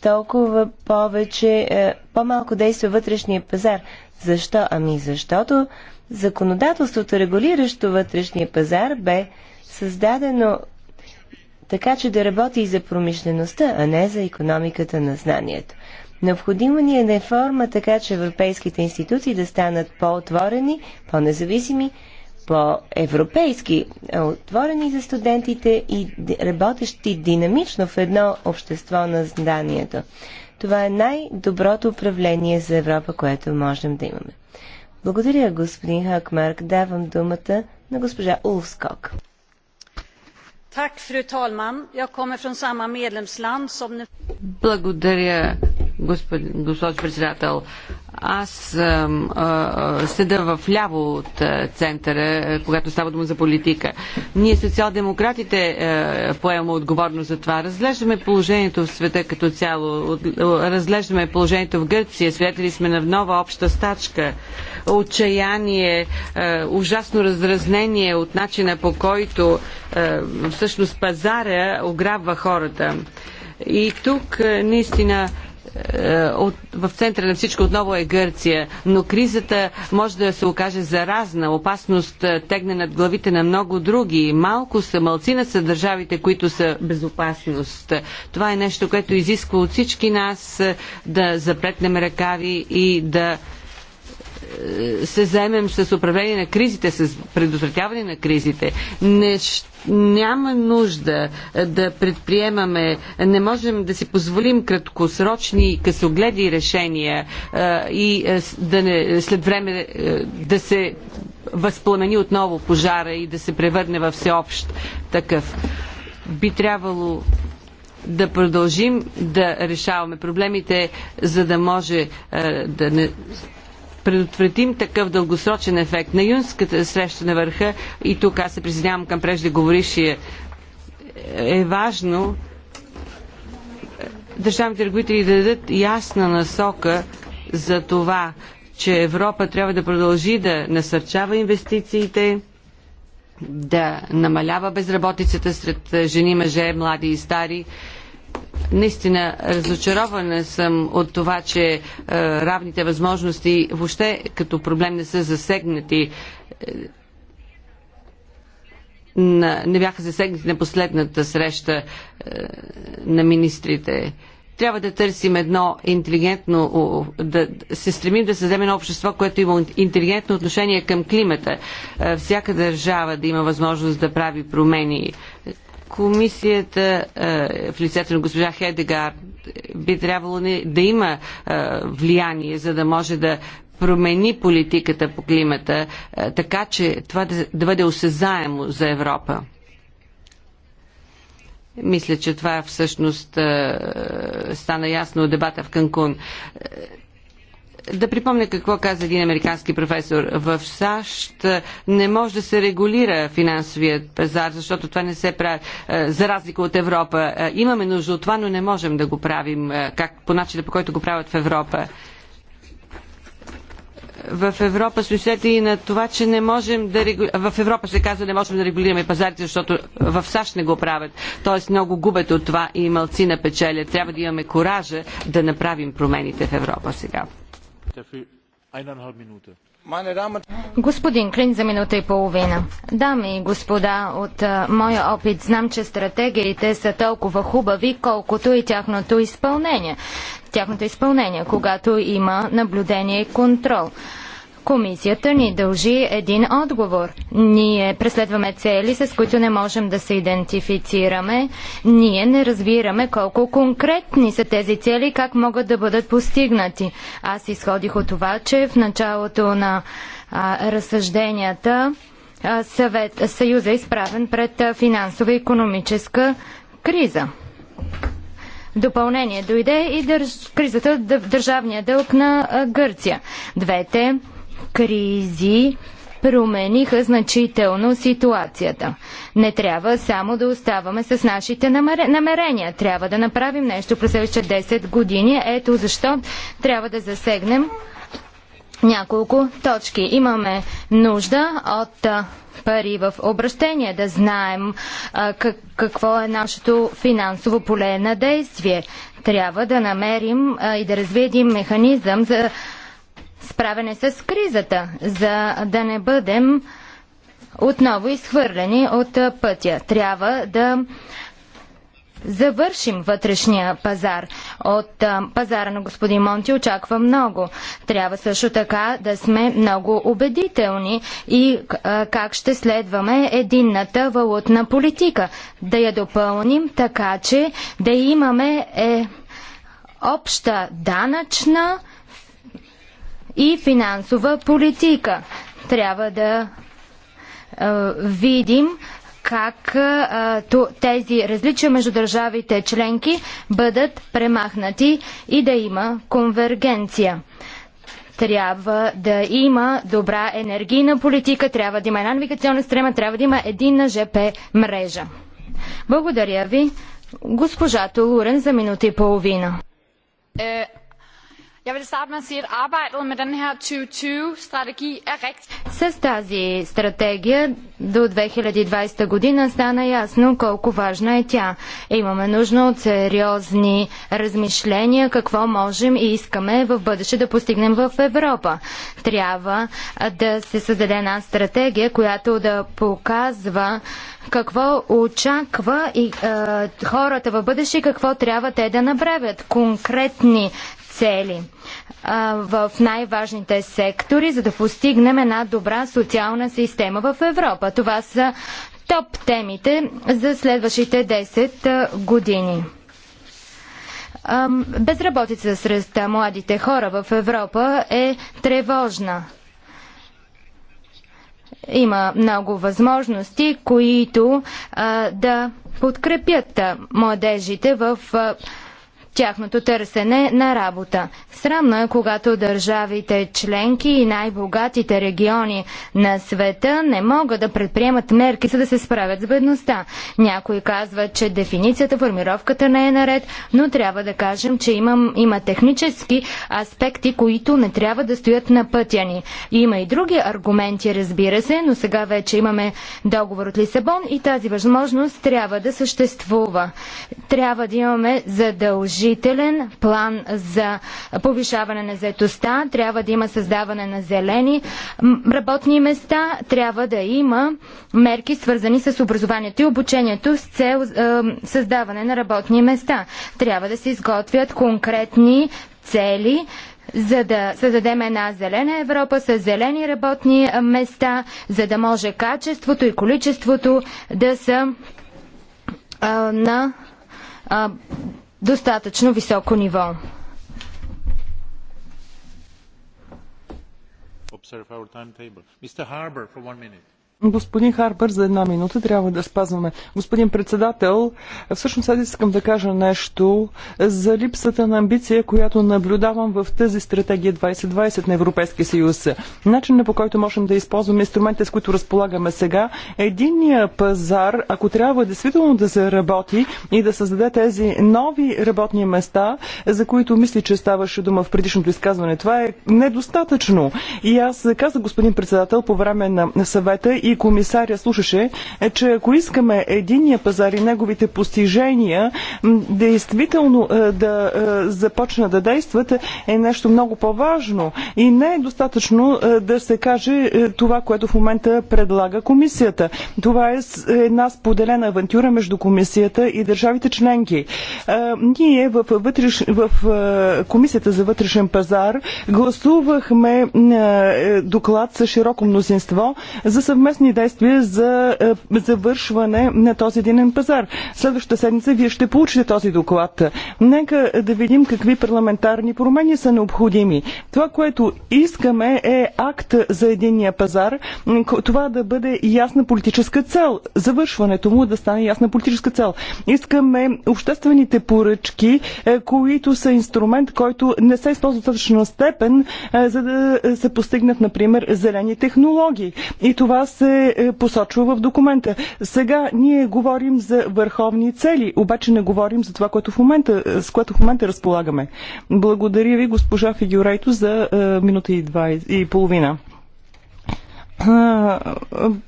толкова повече, по-малко действа вътрешния пазар. Защо? Ами защото Законодателството, регулиращо вътрешния пазар, бе създадено така, че да работи и за промишлеността, а не за економиката на знанието. Необходима ни е реформа, така че европейските институции да станат по-отворени, по-независими, по-европейски, отворени за студентите и работещи динамично в едно общество на знанието. Това е най-доброто управление за Европа, което можем да имаме. Благодаря, господин Хакмарк. Давам думата на госпожа Улфскок. Благодаря, господин, госпожо председател. Аз а, седа в ляво от центъра, когато става дума за политика. Ние социал-демократите поемаме отговорност за това. Разглеждаме положението в света като цяло. Разглеждаме положението в Гърция. Свидетели сме на нова обща стачка отчаяние, е, ужасно раздразнение от начина по който е, всъщност пазара ограбва хората. И тук е, наистина от, в центъра на всичко отново е Гърция, но кризата може да се окаже заразна. Опасност тегне над главите на много други. Малко са, малцина са държавите, които са безопасност. Това е нещо, което изисква от всички нас да запретнем ръкави и да се заемем с управление на кризите, с предотвратяване на кризите. Не, няма нужда да предприемаме, не можем да си позволим краткосрочни и късогледи решения и да не, след време да се възпламени отново пожара и да се превърне във всеобщ такъв. Би трябвало да продължим да решаваме проблемите, за да може да не предотвратим такъв дългосрочен ефект. На юнската среща на върха, и тук аз се присъединявам към преждеговорившия, е важно държавните регулители да дадат ясна насока за това, че Европа трябва да продължи да насърчава инвестициите, да намалява безработицата сред жени, мъже, млади и стари, наистина разочарована съм от това, че е, равните възможности въобще като проблем не са засегнати. Е, на, не бяха засегнати на последната среща е, на министрите. Трябва да търсим едно интелигентно, да се стремим да създадем едно общество, което има интелигентно отношение към климата. Е, всяка държава да има възможност да прави промени Комисията е, в лицето на госпожа Хедегар би трябвало да има е, влияние, за да може да промени политиката по климата, е, така че това да, да бъде осезаемо за Европа. Мисля, че това всъщност стана ясно от дебата в Канкун да припомня какво каза един американски професор. В САЩ не може да се регулира финансовият пазар, защото това не се прави е, за разлика от Европа. Е, имаме нужда от това, но не можем да го правим е, как, по начина, по който го правят в Европа в Европа свидетели и на това, че не можем да регу... в Европа се казва не можем да регулираме пазарите, защото в САЩ не го правят. Тоест много губят от това и малци на печеля. Трябва да имаме коража да направим промените в Европа сега. Господин Клин за минута и половина. Дами и господа, от моя опит знам, че стратегиите са толкова хубави, колкото и тяхното изпълнение. Тяхното изпълнение, когато има наблюдение и контрол. Комисията ни дължи един отговор. Ние преследваме цели, с които не можем да се идентифицираме. Ние не разбираме колко конкретни са тези цели и как могат да бъдат постигнати. Аз изходих от това, че в началото на а, разсъжденията а, съвет, Съюза е изправен пред а, финансова и економическа криза. Допълнение дойде и държ... кризата в държавния дълг на а, Гърция. Двете кризи промениха значително ситуацията. Не трябва само да оставаме с нашите намерения. Трябва да направим нещо през следващите 10 години. Ето защо трябва да засегнем няколко точки. Имаме нужда от пари в обращение, да знаем а, как, какво е нашето финансово поле на действие. Трябва да намерим а, и да разведим механизъм за справяне с кризата, за да не бъдем отново изхвърлени от пътя. Трябва да завършим вътрешния пазар. От пазара на господин Монти очаква много. Трябва също така да сме много убедителни и как ще следваме единната валутна политика. Да я допълним така, че да имаме е, обща данъчна и финансова политика. Трябва да е, видим как е, тези различия между държавите членки бъдат премахнати и да има конвергенция. Трябва да има добра енергийна политика, трябва да има една навигационна стрема, трябва да има единна ЖП мрежа. Благодаря ви, госпожа Толурен, за минута и половина. Е, Jeg vil starte med at sige, at arbejdet med den her 2020-strategi er rigtigt. С тази стратегия до 2020 година стана ясно колко важна е тя. Имаме нужда от сериозни размишления какво можем и искаме в бъдеще да постигнем в Европа. Трябва да се създаде една стратегия, която да показва какво очаква и е, хората в бъдеще, и какво трябва те да направят. Конкретни цели в най-важните сектори, за да постигнем една добра социална система в Европа. Това са топ темите за следващите 10 години. безработица сред младите хора в Европа е тревожна. Има много възможности, които да подкрепят младежите в тяхното търсене на работа. Срамно е, когато държавите членки и най-богатите региони на света не могат да предприемат мерки, за да се справят с бедността. Някои казват, че дефиницията, формировката не е наред, но трябва да кажем, че има, има технически аспекти, които не трябва да стоят на пътя ни. Има и други аргументи, разбира се, но сега вече имаме договор от Лисабон и тази възможност трябва да съществува. Трябва да имаме задължение положителен план за повишаване на заетостта, трябва да има създаване на зелени работни места, трябва да има мерки свързани с образованието и обучението с цел е, създаване на работни места. Трябва да се изготвят конкретни цели, за да създадем една зелена Европа с зелени работни места, за да може качеството и количеството да са а, на а, достатъчно високо ниво. Observe our timetable. Mr. Harbour, for one minute. Господин Харпер, за една минута трябва да спазваме. Господин председател, всъщност аз искам да кажа нещо за липсата на амбиция, която наблюдавам в тази стратегия 2020 на Европейския съюз. Начинът по който можем да използваме инструментите, с които разполагаме сега, единния пазар, ако трябва действително да се работи и да създаде тези нови работни места, за които мисли, че ставаше дума в предишното изказване, това е недостатъчно. И аз казах, господин председател, по време на съвета и комисаря слушаше, е, че ако искаме единния пазар и неговите постижения действително е, да е, започна да действат, е нещо много по-важно. И не е достатъчно е, да се каже това, което в момента предлага комисията. Това е една споделена авантюра между комисията и държавите членки. Ние в, вътреш... в комисията за вътрешен пазар гласувахме доклад с широко мнозинство за съвместно ясни действия за е, завършване на този единен пазар. Следващата седмица вие ще получите този доклад. Нека да видим какви парламентарни промени са необходими. Това, което искаме е акт за единния пазар, това да бъде ясна политическа цел. Завършването му да стане ясна политическа цел. Искаме обществените поръчки, е, които са инструмент, който не се използва достатъчно степен, е, за да се постигнат, например, зелени технологии. И това се се е, посочва в документа. Сега ние говорим за върховни цели, обаче не говорим за това, което в момента, е, с което в момента разполагаме. Благодаря ви, госпожа Фигюрейто, за е, минута и, два и половина.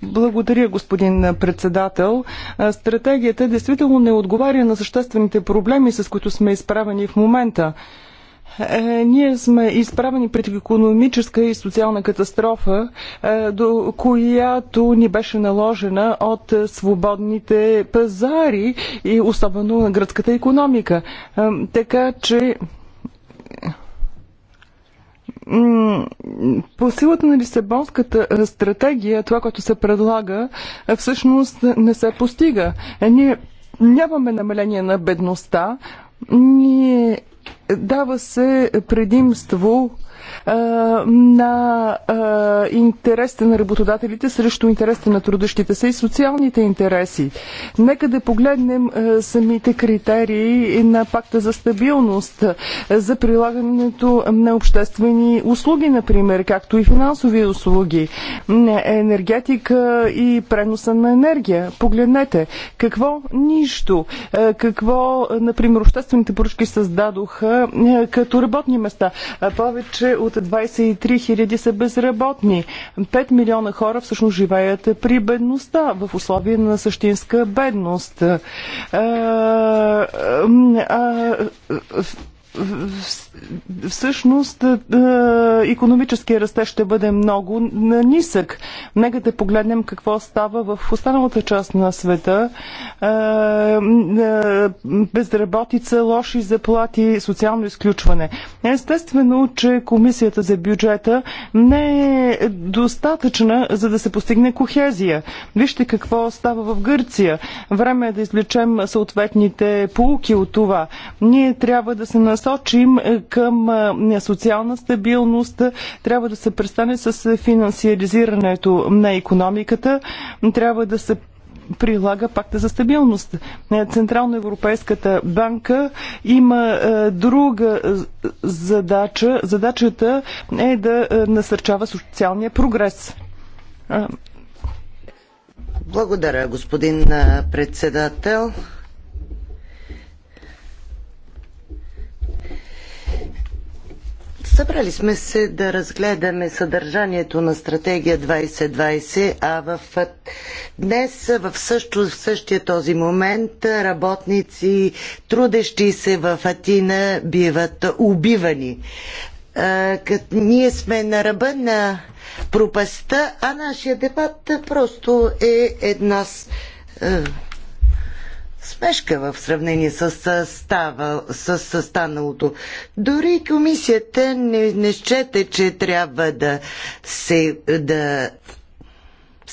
Благодаря, господин председател. Стратегията действително не отговаря на съществените проблеми, с които сме изправени в момента. Е, ние сме изправени пред економическа и социална катастрофа, е, до която ни беше наложена от свободните пазари и особено на гръцката економика. Е, така че по силата на Лисабонската стратегия, това, което се предлага, всъщност не се постига. Ние нямаме намаление на бедността, ние Дава се предимство на интересите на работодателите срещу интересите на трудещите се и социалните интереси. Нека да погледнем самите критерии на пакта за стабилност за прилагането на обществени услуги, например, както и финансови услуги, енергетика и преноса на енергия. Погледнете, какво нищо, какво, например, обществените поръчки създадоха като работни места. Повече от 23 хиляди са безработни. 5 милиона хора всъщност живеят при бедността, в условия на същинска бедност. Всъщност, економическия растеж ще бъде много нисък. Нека да погледнем какво става в останалата част на света. Безработица, лоши заплати, социално изключване. Естествено, че комисията за бюджета не е достатъчна, за да се постигне кохезия. Вижте какво става в Гърция. Време е да извлечем съответните полуки от това. Ние трябва да се насочим към социална стабилност, трябва да се престане с финансиализирането на економиката, трябва да се прилага пакта за стабилност. Е, Централно Европейската банка има е, друга е, задача. Задачата е да насърчава социалния прогрес. Благодаря, господин председател. Събрали сме се да разгледаме съдържанието на стратегия 2020, а в Днес в също, същия този момент работници, трудещи се в Атина, биват убивани. Кът ние сме на ръба на пропаста, а нашия дебат просто е една с, е, смешка в сравнение с, става, с, с станалото. Дори комисията не, не счете, че трябва да се да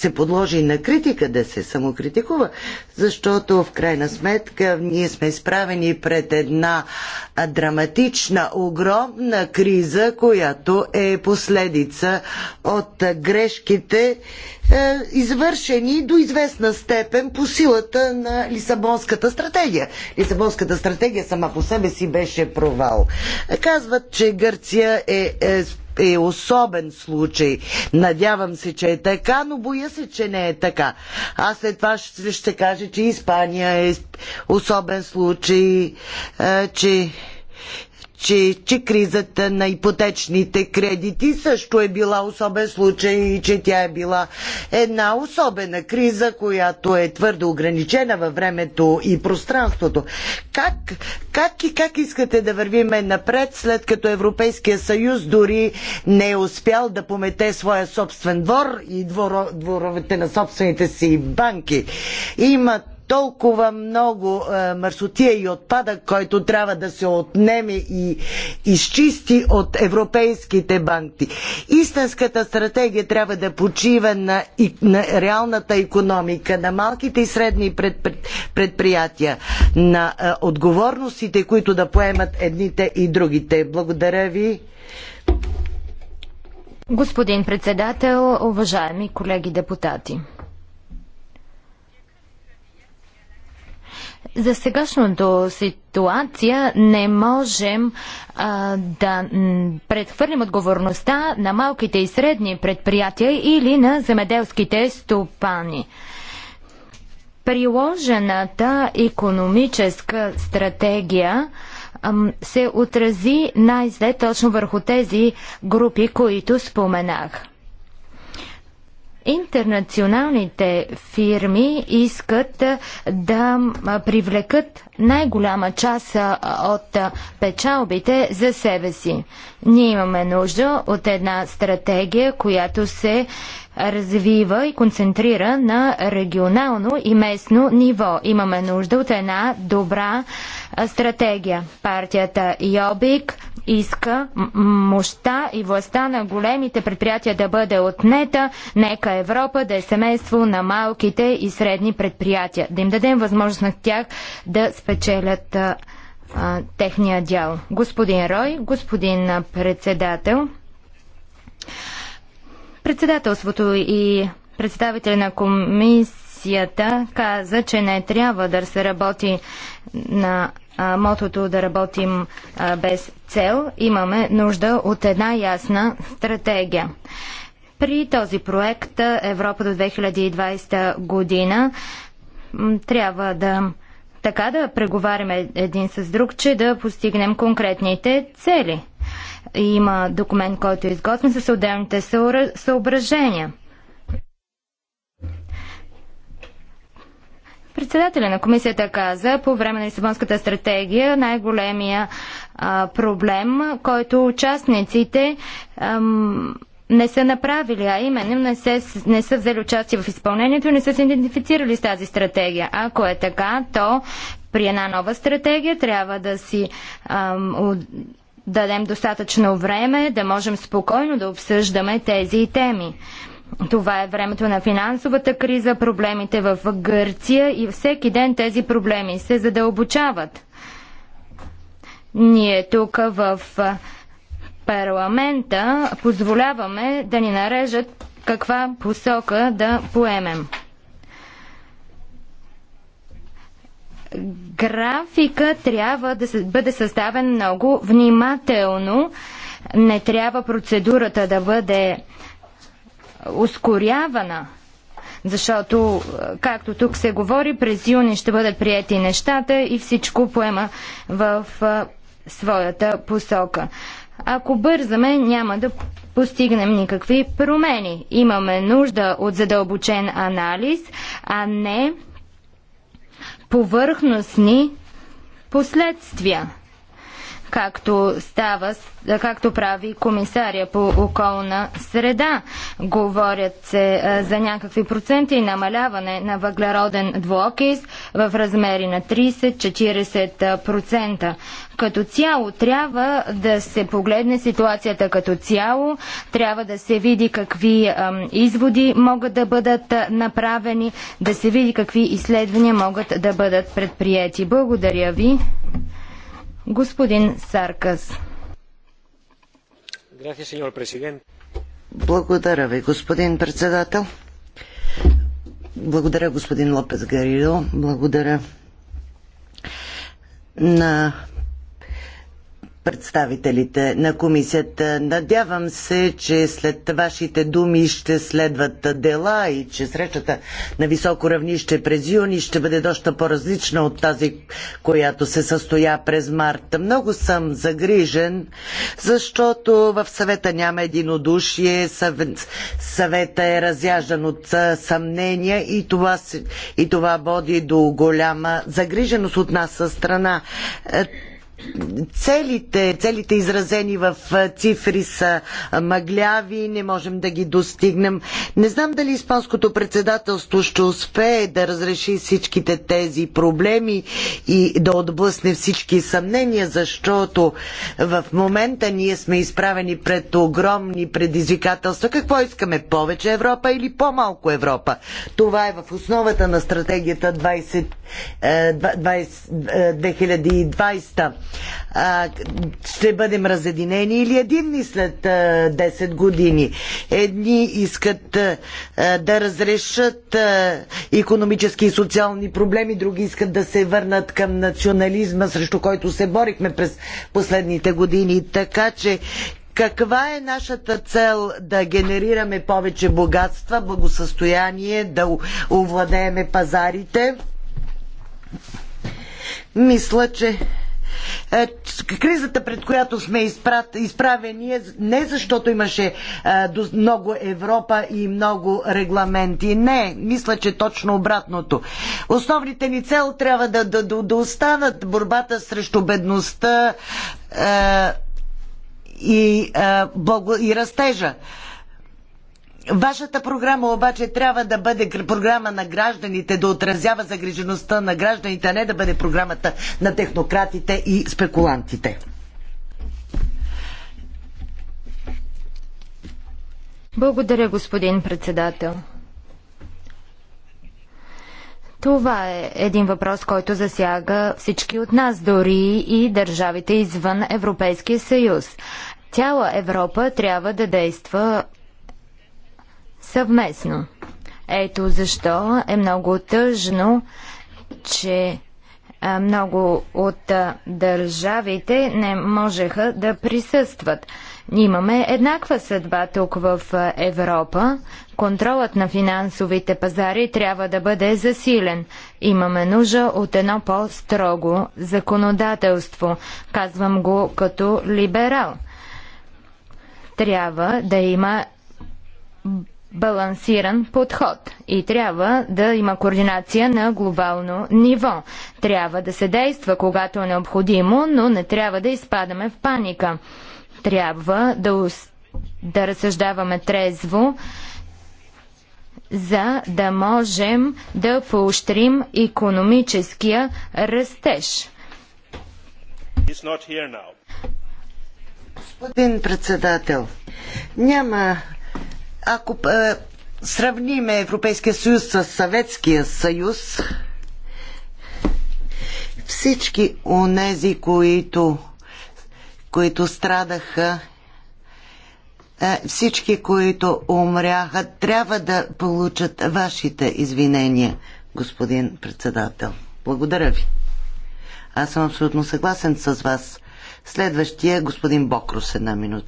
се подложи на критика, да се самокритикува, защото в крайна сметка ние сме изправени пред една драматична, огромна криза, която е последица от грешките, е, извършени до известна степен по силата на Лисабонската стратегия. Лисабонската стратегия сама по себе си беше провал. Казват, че Гърция е, е е особен случай. Надявам се, че е така, но боя се, че не е така. Аз след това ще, ще кажа, че Испания е особен случай, че че, че кризата на ипотечните кредити също е била особен случай и че тя е била една особена криза, която е твърдо ограничена във времето и пространството. Как, как и как искате да вървиме напред, след като Европейския съюз дори не е успял да помете своя собствен двор и дворовете на собствените си банки? Имат толкова много е, мърсотия и отпадък, който трябва да се отнеме и изчисти от европейските банки. Истинската стратегия трябва да почива на, на реалната економика, на малките и средни предприятия, на е, отговорностите, които да поемат едните и другите. Благодаря ви. Господин председател, уважаеми колеги депутати. За сегашното ситуация не можем а, да предхвърлим отговорността на малките и средни предприятия или на земеделските стопани. Приложената економическа стратегия се отрази най-зле точно върху тези групи, които споменах. Интернационалните фирми искат да привлекат най-голяма част от печалбите за себе си. Ние имаме нужда от една стратегия, която се развива и концентрира на регионално и местно ниво. Имаме нужда от една добра стратегия. Партията Йобик иска мощта и властта на големите предприятия да бъде отнета. Нека Европа да е семейство на малките и средни предприятия. Да им дадем възможност на тях да спечелят а, а, техния дял. Господин Рой, господин председател, Председателството и представителя на комисията каза, че не трябва да се работи на а, мотото да работим а, без цел. Имаме нужда от една ясна стратегия. При този проект Европа до 2020 година трябва да така да преговаряме един с друг, че да постигнем конкретните цели. Има документ, който е изготвен с отделните съображения. Председателя на комисията каза, по време на Лисабонската стратегия най-големия проблем, който участниците ам, не са направили, а именно не, се, не са взели участие в изпълнението и не са се идентифицирали с тази стратегия. Ако е така, то при една нова стратегия трябва да си ам, дадем достатъчно време да можем спокойно да обсъждаме тези теми. Това е времето на финансовата криза, проблемите в Гърция и всеки ден тези проблеми се задълбочават. Ние тук в парламента позволяваме да ни нарежат каква посока да поемем. Графика трябва да бъде съставен много внимателно. Не трябва процедурата да бъде ускорявана, защото, както тук се говори, през юни ще бъдат прияти нещата и всичко поема в своята посока. Ако бързаме, няма да постигнем никакви промени. Имаме нужда от задълбочен анализ, а не повърхностни последствия както, става, както прави комисаря по околна среда. Говорят се е, за някакви проценти и намаляване на въглероден двуокис в размери на 30-40%. Като цяло трябва да се погледне ситуацията като цяло, трябва да се види какви изводи могат да бъдат е, направени, да се види какви изследвания могат да бъдат предприяти. Благодаря ви. Господин Саркас. Благодаря ви, господин председател. Благодаря, господин Лопес Гаридо. Благодаря на представителите на комисията. Надявам се, че след вашите думи ще следват дела и че срещата на високо равнище през юни ще бъде доста по-различна от тази, която се състоя през март. Много съм загрижен, защото в съвета няма единодушие, съвета е разяждан от съмнения и това, и това води до голяма загриженост от нас страна. Е, целите, целите изразени в цифри са мъгляви, не можем да ги достигнем. Не знам дали Испанското председателство ще успее да разреши всичките тези проблеми и да отблъсне всички съмнения, защото в момента ние сме изправени пред огромни предизвикателства. Какво искаме? Повече Европа или по-малко Европа? Това е в основата на стратегията 20, 20, 2020 а, ще бъдем разединени или единни след а, 10 години. Едни искат а, да разрешат а, економически и социални проблеми, други искат да се върнат към национализма, срещу който се борихме през последните години. Така че каква е нашата цел да генерираме повече богатства, благосъстояние, да овладееме пазарите? Мисля, че е, кризата, пред която сме изправени, е не защото имаше е, много Европа и много регламенти. Не, мисля, че точно обратното. Основните ни цел трябва да, да, да, да останат борбата срещу бедността е, и, е, благо, и растежа. Вашата програма обаче трябва да бъде програма на гражданите, да отразява загрижеността на гражданите, а не да бъде програмата на технократите и спекулантите. Благодаря, господин председател. Това е един въпрос, който засяга всички от нас, дори и държавите извън Европейския съюз. Цяла Европа трябва да действа съвместно. Ето защо е много тъжно, че много от държавите не можеха да присъстват. Имаме еднаква съдба тук в Европа. Контролът на финансовите пазари трябва да бъде засилен. Имаме нужда от едно по-строго законодателство. Казвам го като либерал. Трябва да има балансиран подход и трябва да има координация на глобално ниво. Трябва да се действа, когато е необходимо, но не трябва да изпадаме в паника. Трябва да, да разсъждаваме трезво, за да можем да поощрим економическия растеж. Господин председател, няма ако е, сравниме Европейския съюз с Съветския съюз, всички онези, които, които страдаха, е, всички, които умряха, трябва да получат вашите извинения, господин председател. Благодаря ви. Аз съм абсолютно съгласен с вас. Следващия е господин Бокрус една минута.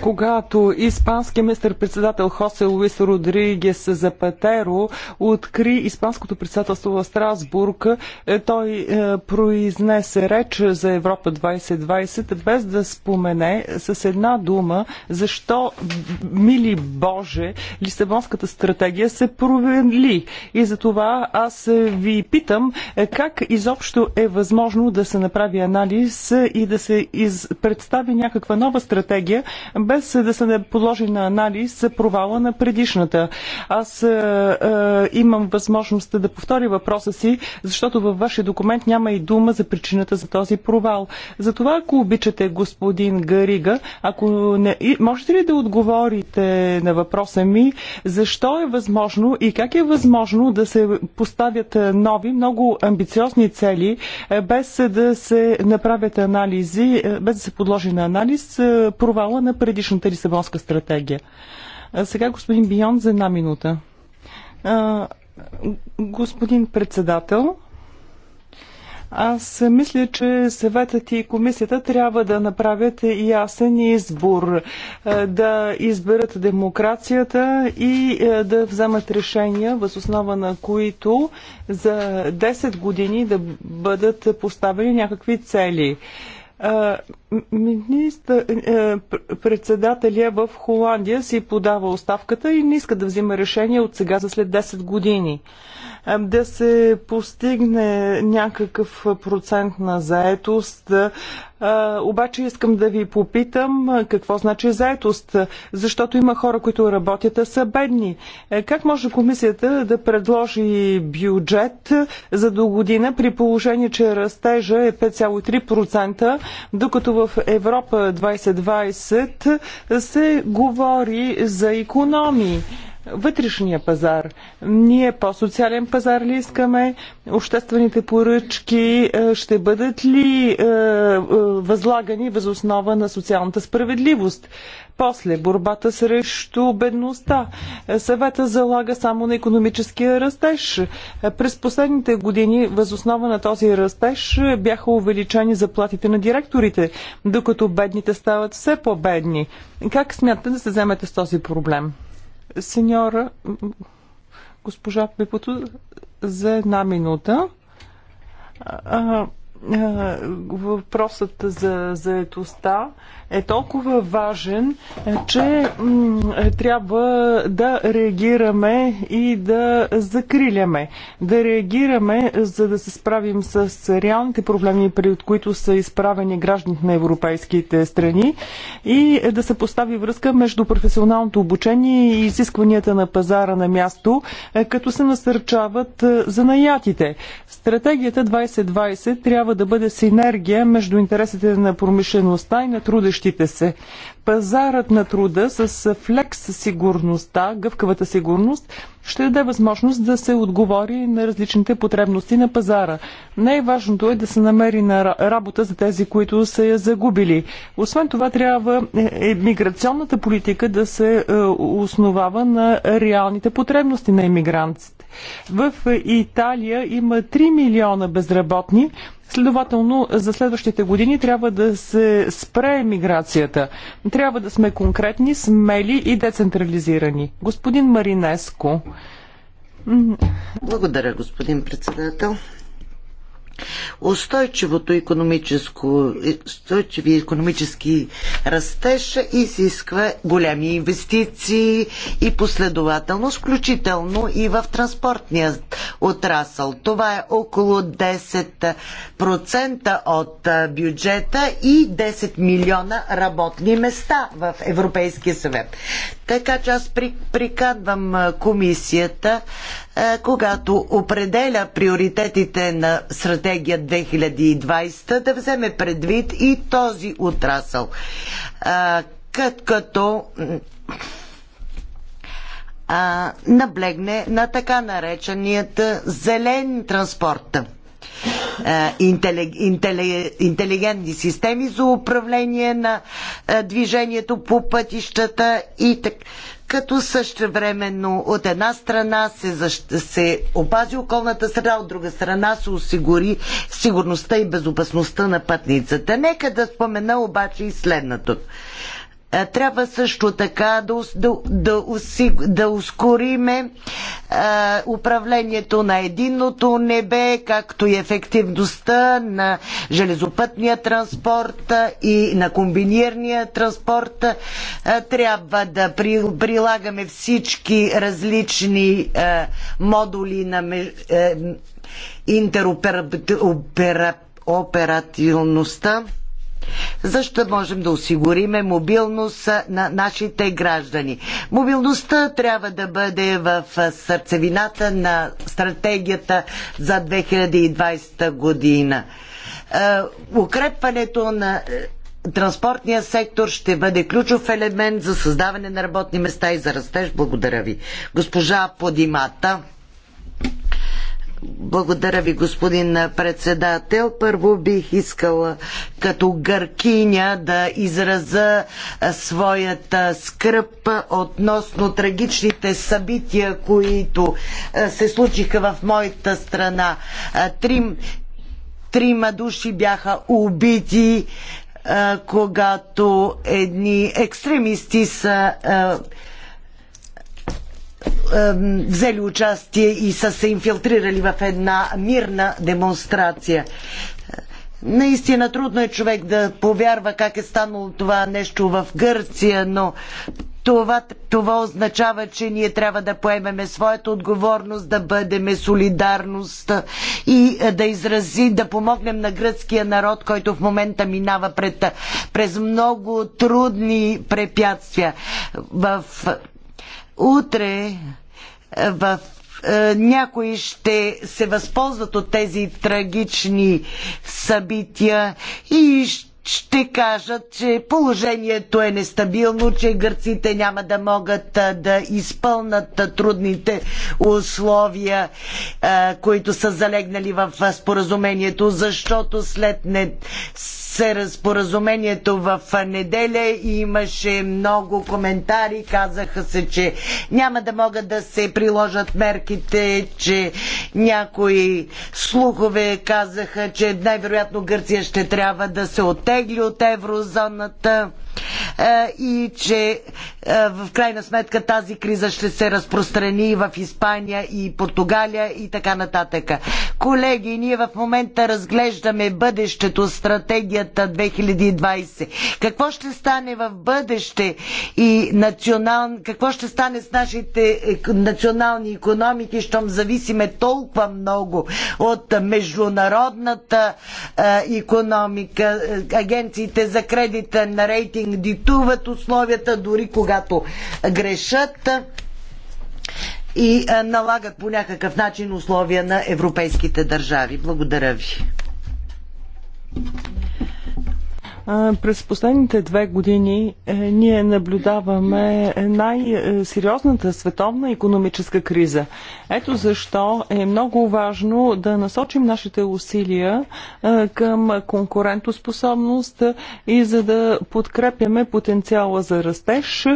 Когато испански мистер председател Хосе Луис Родригес Запатеро откри испанското председателство в Страсбург, е, той е, произнесе реч за Европа 2020, без да спомене с една дума защо, мили Боже, Лисабонската стратегия се провели. И за това аз ви питам е, как изобщо е възможно да се направи анализ и да се из... представи някаква нова стратегия, без да се подложи на анализ за провала на предишната. Аз е, е, имам възможност да повторя въпроса си, защото във вашия документ няма и дума за причината за този провал. Затова, ако обичате, господин Гарига, ако не, можете ли да отговорите на въпроса ми, защо е възможно и как е възможно да се поставят е, нови, много амбициозни цели, е, без да се направят анализи, е, без да се подложи на анализ провала на предишната Лисабонска стратегия. Сега господин Бион за една минута. Господин председател, аз мисля, че съветът и комисията трябва да направят ясен избор, да изберат демокрацията и да вземат решения, въз основа на които за 10 години да бъдат поставени някакви цели. Министър, е, е, председателя в Холандия си подава оставката и не иска да взима решение от сега за след 10 години да се постигне някакъв процент на заетост. Обаче искам да ви попитам какво значи заетост, защото има хора, които работят, а са бедни. Е, как може комисията да предложи бюджет за до година при положение, че растежа е 5,3%, докато в Европа 2020 се говори за економии? вътрешния пазар. Ние по-социален пазар ли искаме? Обществените поръчки е, ще бъдат ли е, е, възлагани въз основа на социалната справедливост? После борбата срещу бедността. Съвета залага само на економическия растеж. През последните години въз основа на този растеж бяха увеличени заплатите на директорите, докато бедните стават все по-бедни. Как смятате да се вземете с този проблем? сеньора, госпожа Пепото, за една минута. А, въпросът за заетостта е толкова важен, че е, трябва да реагираме и да закриляме. Да реагираме, за да се справим с реалните проблеми, пред които са изправени гражданите на европейските страни и да се постави връзка между професионалното обучение и изискванията на пазара на място, е, като се насърчават е, занаятите. Стратегията 2020 трябва трябва да бъде синергия между интересите на промишлеността и на трудещите се. Пазарът на труда с флекс сигурността, гъвкавата сигурност, ще даде възможност да се отговори на различните потребности на пазара. Най-важното е да се намери на работа за тези, които са я загубили. Освен това, трябва е, е, миграционната политика да се е, основава на реалните потребности на иммигрантите. В Италия има 3 милиона безработни, Следователно, за следващите години трябва да се спре миграцията. Трябва да сме конкретни, смели и децентрализирани. Господин Маринеско. Благодаря, господин председател. Устойчивото економическо, устойчиви економически растеж изисква големи инвестиции и последователност, включително и в транспортния отрасъл. Това е около 10% от бюджета и 10 милиона работни места в Европейския съвет. Така че аз приканвам комисията, когато определя приоритетите на стратегия 2020, да вземе предвид и този отрасъл. Като наблегне на така нареченият зелен транспорт интели, интели, интелигентни системи за управление на е, движението по пътищата и така като същевременно от една страна се, защ... се опази околната среда, от друга страна се осигури сигурността и безопасността на пътницата. Нека да спомена обаче и следното. Е, трябва също така да, да, да, да ускориме а, е, управлението на единното небе, както и ефективността на железопътния транспорт е, и на комбинирания транспорт. А, трябва да при, прилагаме всички различни а, модули на интероперативността защо можем да осигуриме мобилност на нашите граждани. Мобилността трябва да бъде в сърцевината на стратегията за 2020 година. Е, укрепването на е, транспортния сектор ще бъде ключов елемент за създаване на работни места и за растеж. Благодаря ви. Госпожа Подимата. Благодаря ви, господин председател. Първо бих искала като гъркиня да израза своята скръп относно трагичните събития, които се случиха в моята страна. Три, трима души бяха убити, когато едни екстремисти са взели участие и са се инфилтрирали в една мирна демонстрация. Наистина трудно е човек да повярва как е станало това нещо в Гърция, но това, това означава, че ние трябва да поемеме своята отговорност, да бъдеме солидарност и е, да изрази, да помогнем на гръцкия народ, който в момента минава пред, през много трудни препятствия. В утре е, в е, някои ще се възползват от тези трагични събития и ще кажат, че положението е нестабилно, че гърците няма да могат е, да изпълнат трудните условия, които са залегнали в споразумението, защото след не споразумението в неделя и имаше много коментари. Казаха се, че няма да могат да се приложат мерките, че някои слухове казаха, че най-вероятно Гърция ще трябва да се оттегли от еврозоната. Е, и че е, в крайна сметка тази криза ще се разпространи в Испания и Португалия и така нататък. Колеги, ние в момента разглеждаме бъдещето, стратегията 2020. Какво ще стане в бъдеще и национал... какво ще стане с нашите е, национални економики, щом зависиме толкова много от международната економика, агенциите за кредита на рейтинг им диктуват условията, дори когато грешат и налагат по някакъв начин условия на европейските държави. Благодаря ви. През последните две години е, ние наблюдаваме най-сериозната световна економическа криза. Ето защо е много важно да насочим нашите усилия е, към конкурентоспособност и за да подкрепяме потенциала за растеж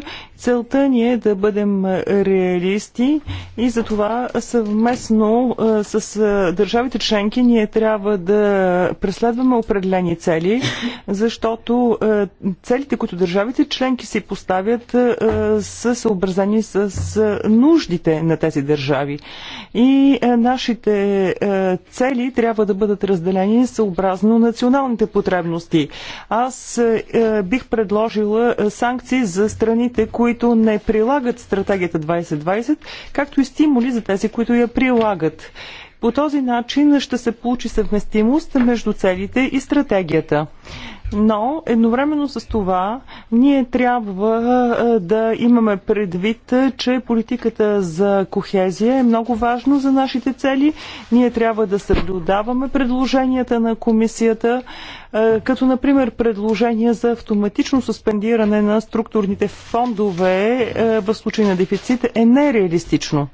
Целта ни е да бъдем реалисти и затова съвместно с държавите членки ние трябва да преследваме определени цели, защото целите, които държавите членки си поставят, са съобразени с нуждите на тези държави. И нашите цели трябва да бъдат разделени съобразно националните потребности. Аз бих предложила санкции за страните, които които не прилагат стратегията 2020, както и стимули за тези, които я прилагат. По този начин ще се получи съвместимост между целите и стратегията. Но едновременно с това ние трябва да имаме предвид, че политиката за кохезия е много важно за нашите цели. Ние трябва да съблюдаваме предложенията на комисията, като например предложения за автоматично суспендиране на структурните фондове в случай на дефицит е нереалистично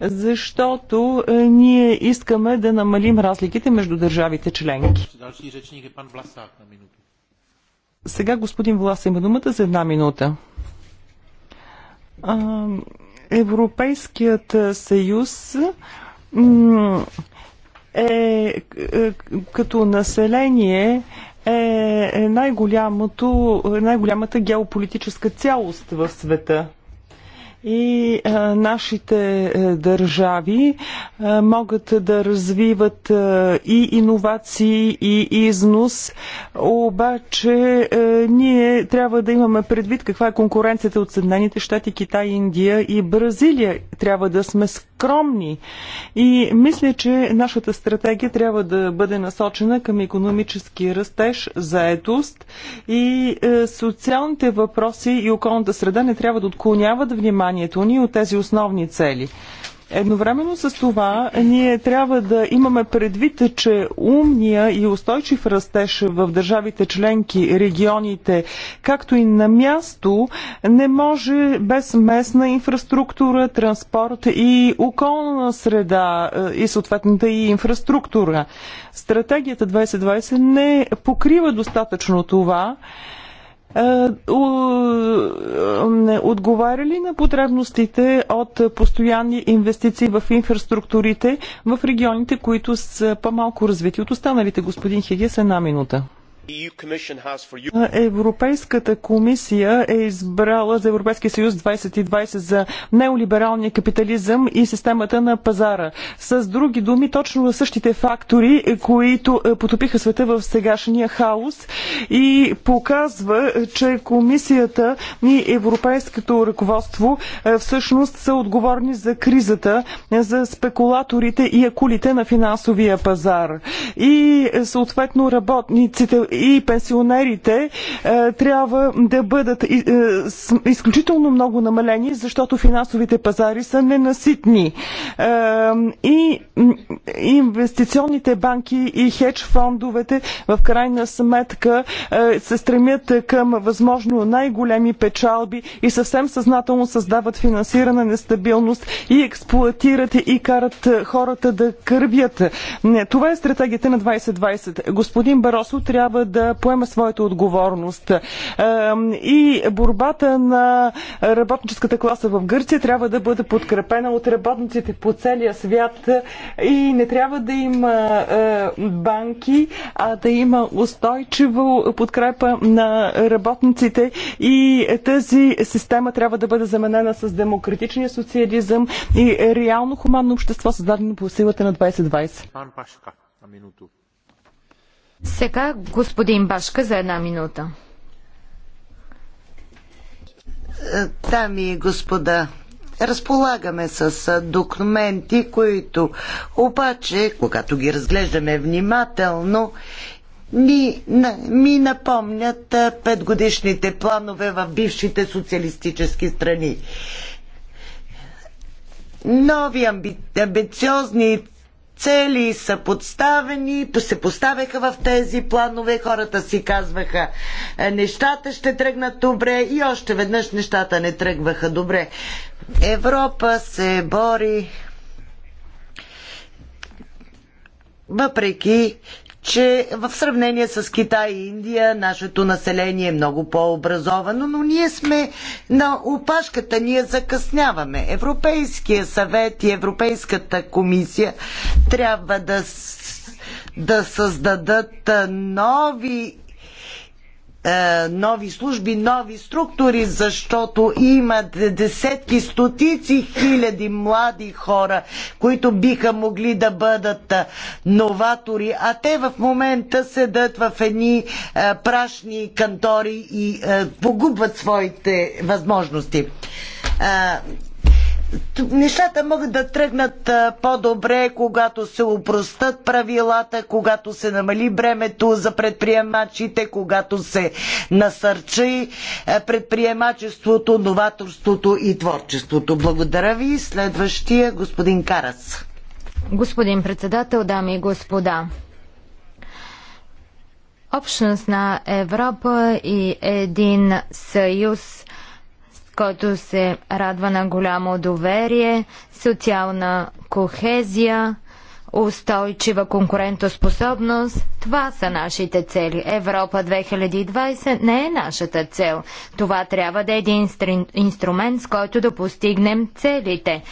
защото ние искаме да намалим разликите между държавите членки. Сега господин Влас има думата за една минута. Европейският съюз е, е като население е, е най-голямата най геополитическа цялост в света и а, е, нашите а, е, държави а, е, могат да развиват а, и иновации, и износ, обаче а, ние трябва да имаме предвид каква е конкуренцията от Съединените щати, Китай, Индия и Бразилия. Трябва да сме скромни и мисля, че нашата стратегия трябва да бъде насочена към економически растеж, заетост и а, социалните въпроси и околната среда не трябва да отклоняват внимание вниманието ни от тези основни цели. Едновременно с това ние трябва да имаме предвид, че умния и устойчив растеж в държавите членки, регионите, както и на място, не може без местна инфраструктура, транспорт и околна среда е, и съответната и инфраструктура. Стратегията 2020 не покрива достатъчно това. Е, отговаря ли на потребностите от постоянни инвестиции в инфраструктурите в регионите, които са по-малко развити от останалите? Господин Хигес, една минута. E Европейската комисия е избрала за Европейския съюз 2020 за неолибералния капитализъм и системата на пазара. С други думи, точно същите фактори, които е, потопиха света в сегашния хаос и показва, че комисията и европейското ръководство е, всъщност са отговорни за кризата, е, за спекулаторите и акулите на финансовия пазар. И съответно работниците и пенсионерите е, трябва да бъдат е, изключително много намалени, защото финансовите пазари са ненаситни. Е, и инвестиционните банки и хедж фондовете в крайна сметка се стремят към възможно най-големи печалби и съвсем съзнателно създават финансирана нестабилност и експлуатират и карат хората да кървят. Това е стратегията на 2020. Господин Баросо трябва да поема своята отговорност. И борбата на работническата класа в Гърция трябва да бъде подкрепена от работниците по целия свят и не трябва да има е, банки, а да има устойчива подкрепа на работниците и тази система трябва да бъде заменена с демократичния социализъм и реално хуманно общество, създадено по силата на 2020. Сега господин Башка за една минута. Дами и господа, разполагаме с документи, които обаче, когато ги разглеждаме внимателно, ни, на, ми напомнят петгодишните планове в бившите социалистически страни. Нови амбициозни цели са подставени, се поставяха в тези планове, хората си казваха е, нещата ще тръгнат добре и още веднъж нещата не тръгваха добре. Европа се бори въпреки че в сравнение с Китай и Индия нашето население е много по-образовано, но ние сме на опашката, ние закъсняваме. Европейския съвет и Европейската комисия трябва да, да създадат нови е, нови служби, нови структури, защото има десетки, стотици хиляди млади хора, които биха могли да бъдат е, новатори, а те в момента седат в едни е, прашни кантори и погубват своите възможности нещата могат да тръгнат по-добре, когато се упростат правилата, когато се намали бремето за предприемачите, когато се насърчи предприемачеството, новаторството и творчеството. Благодаря ви. Следващия господин Карас. Господин председател, дами и господа. Общност на Европа и един съюз който се радва на голямо доверие, социална кохезия, устойчива конкурентоспособност. Това са нашите цели. Европа 2020 не е нашата цел. Това трябва да е един инструмент, с който да постигнем целите.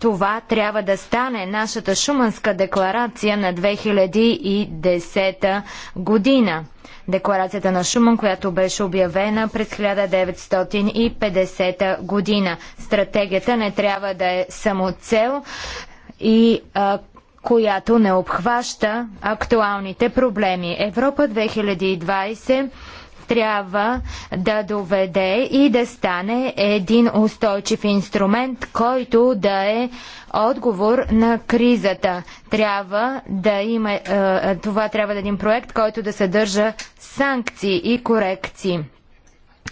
Това трябва да стане нашата Шуманска декларация на 2010 година. Декларацията на Шуман, която беше обявена през 1950 година. Стратегията не трябва да е само цел и а, която не обхваща актуалните проблеми. Европа 2020 трябва да доведе и да стане един устойчив инструмент, който да е отговор на кризата. Трябва да има, е, е, това трябва да е един проект, който да съдържа санкции и корекции.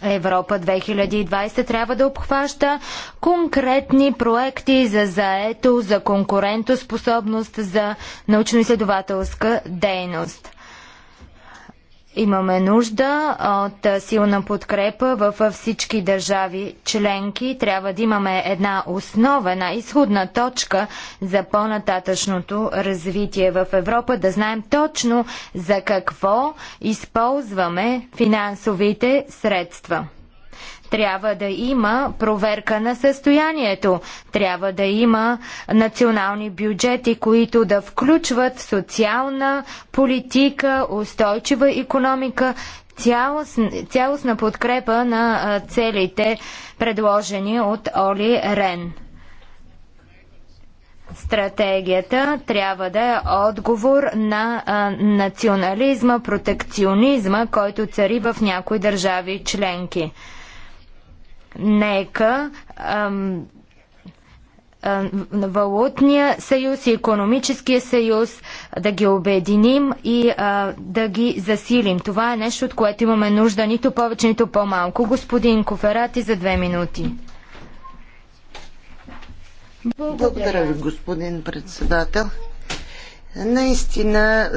Европа 2020 трябва да обхваща конкретни проекти за заето, за конкурентоспособност, за научно-изследователска дейност. Имаме нужда от силна подкрепа във всички държави членки. Трябва да имаме една основа, една изходна точка за по-нататъчното развитие в Европа, да знаем точно за какво използваме финансовите средства. Трябва да има проверка на състоянието. Трябва да има национални бюджети, които да включват социална политика, устойчива економика, цялостна, цялостна подкрепа на целите, предложени от Оли Рен. Стратегията трябва да е отговор на а, национализма, протекционизма, който цари в някои държави членки нека ам, ам, валутния съюз и економическия съюз да ги обединим и а, да ги засилим. Това е нещо, от което имаме нужда нито повече, нито по-малко. Господин Коферати за две минути. Благодаря ви, господин председател. Наистина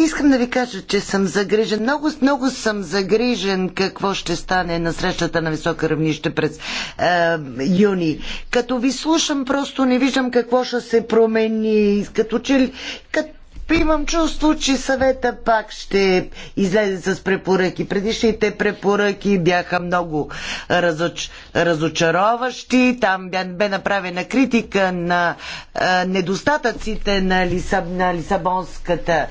Искам да ви кажа, че съм загрижен. Много, много съм загрижен какво ще стане на срещата на висока равнище през е, юни. Като ви слушам, просто не виждам какво ще се промени. Като че, като, имам чувство, че съвета пак ще излезе с препоръки. Предишните препоръки бяха много разоч... разочароващи. Там бе направена критика на а, недостатъците на, Лисаб... на Лисабонската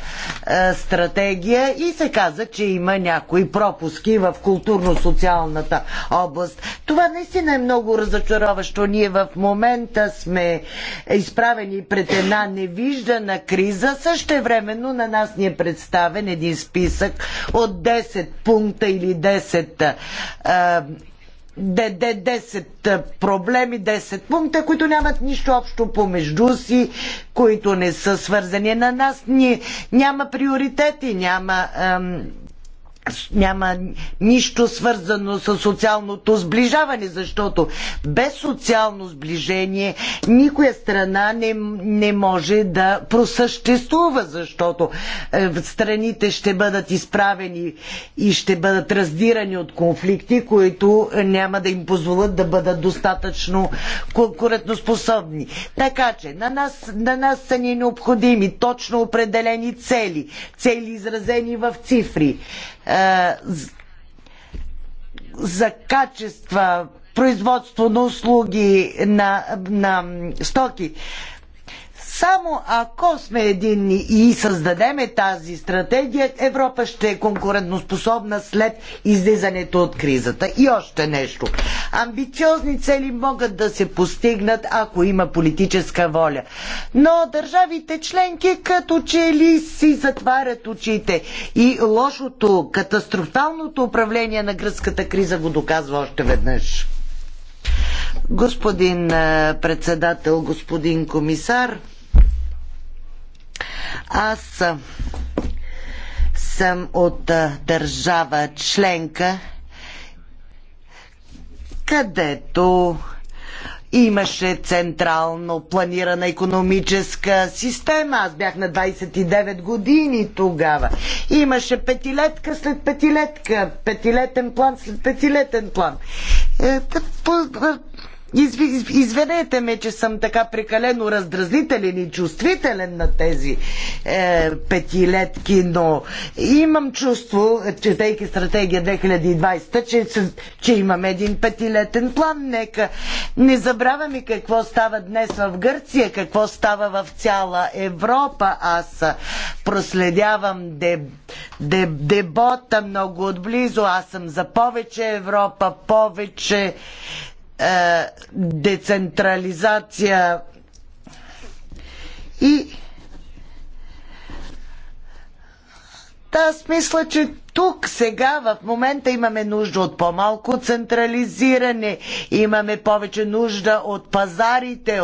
а, стратегия и се каза, че има някои пропуски в културно-социалната област. Това наистина е много разочароващо. Ние в момента сме изправени пред една невиждана криза. Също Същевременно на нас ни е представен един списък от 10 пункта или 10 а, 10 проблеми, 10 пункта, които нямат нищо общо помежду си, които не са свързани на нас. Ни, няма приоритети, няма ем, няма нищо свързано с социалното сближаване, защото без социално сближение никоя страна не, не може да просъществува, защото е, страните ще бъдат изправени и ще бъдат раздирани от конфликти, които няма да им позволят да бъдат достатъчно конкурентоспособни. Така че на нас, на нас са ни необходими точно определени цели, цели изразени в цифри е, за качества, производство на услуги, на, на стоки. Само ако сме единни и създадеме тази стратегия, Европа ще е конкурентоспособна след излизането от кризата. И още нещо. Амбициозни цели могат да се постигнат, ако има политическа воля. Но държавите членки като че ли си затварят очите. И лошото, катастрофалното управление на гръцката криза го доказва още веднъж. Господин председател, господин комисар, аз съм от държава членка, където имаше централно планирана економическа система. Аз бях на 29 години тогава. Имаше петилетка след петилетка, петилетен план след петилетен план. Е, извинете ме, че съм така прекалено раздразнителен и чувствителен на тези е, петилетки, но имам чувство, четейки стратегия 2020, че, че имам един петилетен план. Нека не забравяме какво става днес в Гърция, какво става в цяла Европа. Аз проследявам деб, деб, дебота много отблизо. Аз съм за повече Европа, повече е, децентрализация и да, аз мисля, че тук сега в момента имаме нужда от по-малко централизиране, имаме повече нужда от пазарите,